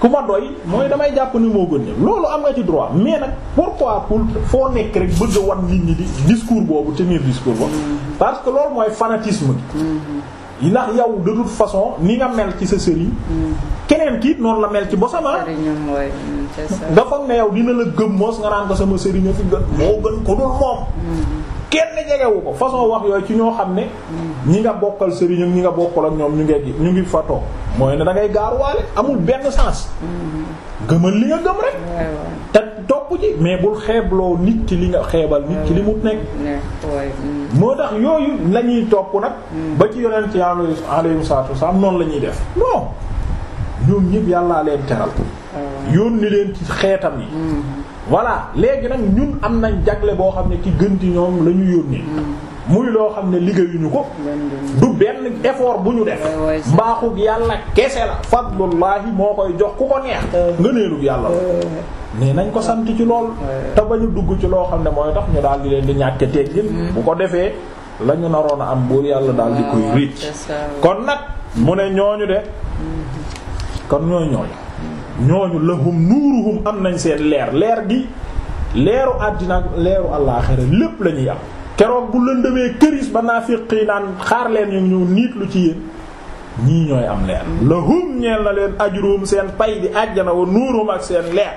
ku ma doy mooy damay jàpp ni moo gën ñëpp loolu am nga ci droit mais nag pourquoi pour foo nekk rek bëgg a wan nit ñi di discours boobu tenir discours boobu. Mm-hmm. parce que loolu mooy fanatisme gi. Mm-hmm. ndax yow de toute façon ni nga mel ci sa sëriñ. Mm-hmm. keneen kii noonu la mel ci bosam ah. Mm, nga foog ne yow dina la gëm moos nga naan ko sama sëriñ a fi gën moo gën ko dul moom. kenn jegewu ko façon wax yooyu ci ñoo xam ne ñi nga bokkal sëriñ ak ñi nga bokkal ak ñoom ñu ngi ñu ngi fatoo mooy ne da ngay gaaruwaale amul benn sens gëmal li nga gëm rek te topp ci mais bul xeebloo nit ci li nga xeebal nit ki li mu nekk moo tax yooyu la ñuy topp nag ba ci yonent yàlla alayhi salaatu wasallam noonu la ñuy def non ñoom ñëpp yàllaa leen teral ah. yónni leen ci xeetam yi voilà léegi nag ñun am nañ jagle boo xam ne ki gën ci ñoom la ñu muy loo xam ne liggéeyuñu ko du benn effort bu ñu def mbaaxug yàlla kese la fadlullahi moo koy jox ku ko neex euh. nga yàlla la ne nañ ko sant ci lool te ba ñu dugg ci loo xam ne mooy tax ñu daal di leen di ñàkke teggin mm. bu ko defee la ñu naroon a am buur yàlla daal di ah, koy ricc kon nag mu ne ñooñu de mm-hmm. kon ñooy ñooñu ñooñu lahum nuuruhum am nañ seen leer leer gi leeru àddina ak leeru àllaaxira lépp lañuy ñuy am keroog bu lëndëmee këris ba naa féqii naan xaar ñu niit lu ci yéen ñii ñooy am leer lahum ñeel na leen ajruhum seen pay di àjjana wa nuuruhum ak seen leer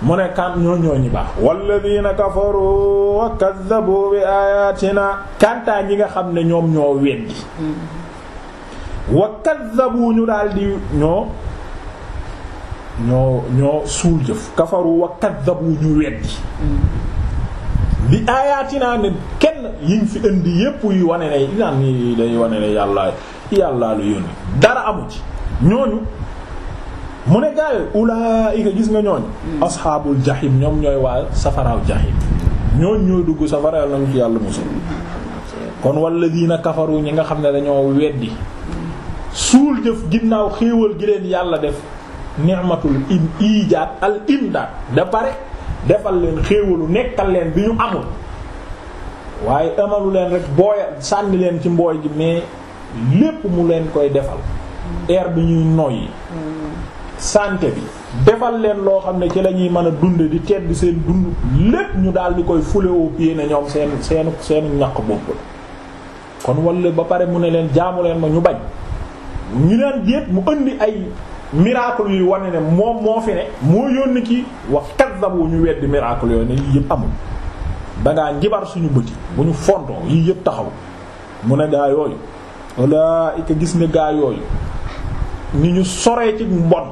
mu ne kan ñoo ñoo ñi baax walladina kafaru wa kaddabu bi ayatina kantaa ñi nga xam ne ñoom ñoo weddi mm. wa kaddabu ñu daal di ñoo ñoo ñoo suul jëf kafaru wa kaddabu ñu weddi bi aayaatinaa ne kenn yiñ fi indi yépp yi wane ne dinaan ni day wane ne yàlla yàllaa lu yónni dara amu ci ñooñu mu ne gaayo ulaa'ika gis nga ñooñu hmm. asxaabul jahim ñoom ñooy waa safaraaw jahim ñooñ ñooy dugg safara yàlla nañu ci yàlla musul kon walladiina kafaru ñi nga xam ne dañoo weddi hmm. suul jëf ginnaaw xéewal gi leen yàlla def ni'matul in ijaad al imdaad da pare defal leen xéewalu nekkal leen bi ñu amul waaye amalu leen rek booya sànni leen ci mbooy gi mais lépp mu leen koy defal air bi ñuy noyyi sante bi defal leen loo xam ne ci lañuy ñuy mën a dunde di tedd seen dund lépp ñu daal di koy fulewoo pied ne ñoom seen seen seenu ñaq bopp la kon wala ba pare mu ne leen jaamu leen ma ñu bañ ñu leen jéet mu indi ay miracle yi wane ne moom moo fi ne moo yónni kii wax kaddabu ñu weddi miracle yooyu ne yii yëpp amul dangaa njibar suñu bëti bu ñu fontoo yii yëpp taxaw mu ne gaa yooyu walla ika gis ne gaa yooyu ni ñu soree ci mbon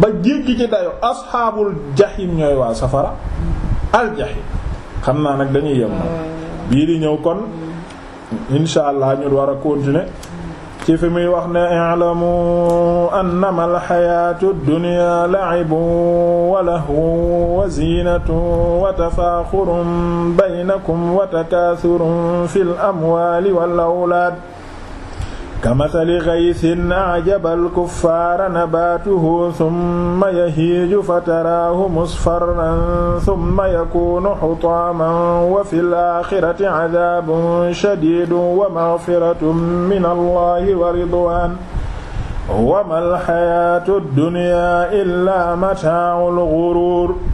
ba jéggi ci dayo asxaabul jaxiim ñooy waa safara aljaxiim xam naa nag dañuy yem na bii di ñëw kon insha allah ñu war a continuer ci fi muy wax ne i'lamu annama alxayaatu dunya la'ibun wa lahwun wa ziinatun wa tafaaxurun baynakum wa takaasurun fil amwaali wal awlaad kamasali gaysin ajabal kuffaara nabaatuhu summa yahiiju fataraahu musfarran summa yakuunu xutaaman wa fi laaxirati cadaabun shadiidun wa magfiratun min allahi wa ridwaan wa mal xayaatu dunya illaa mataa'ul guruur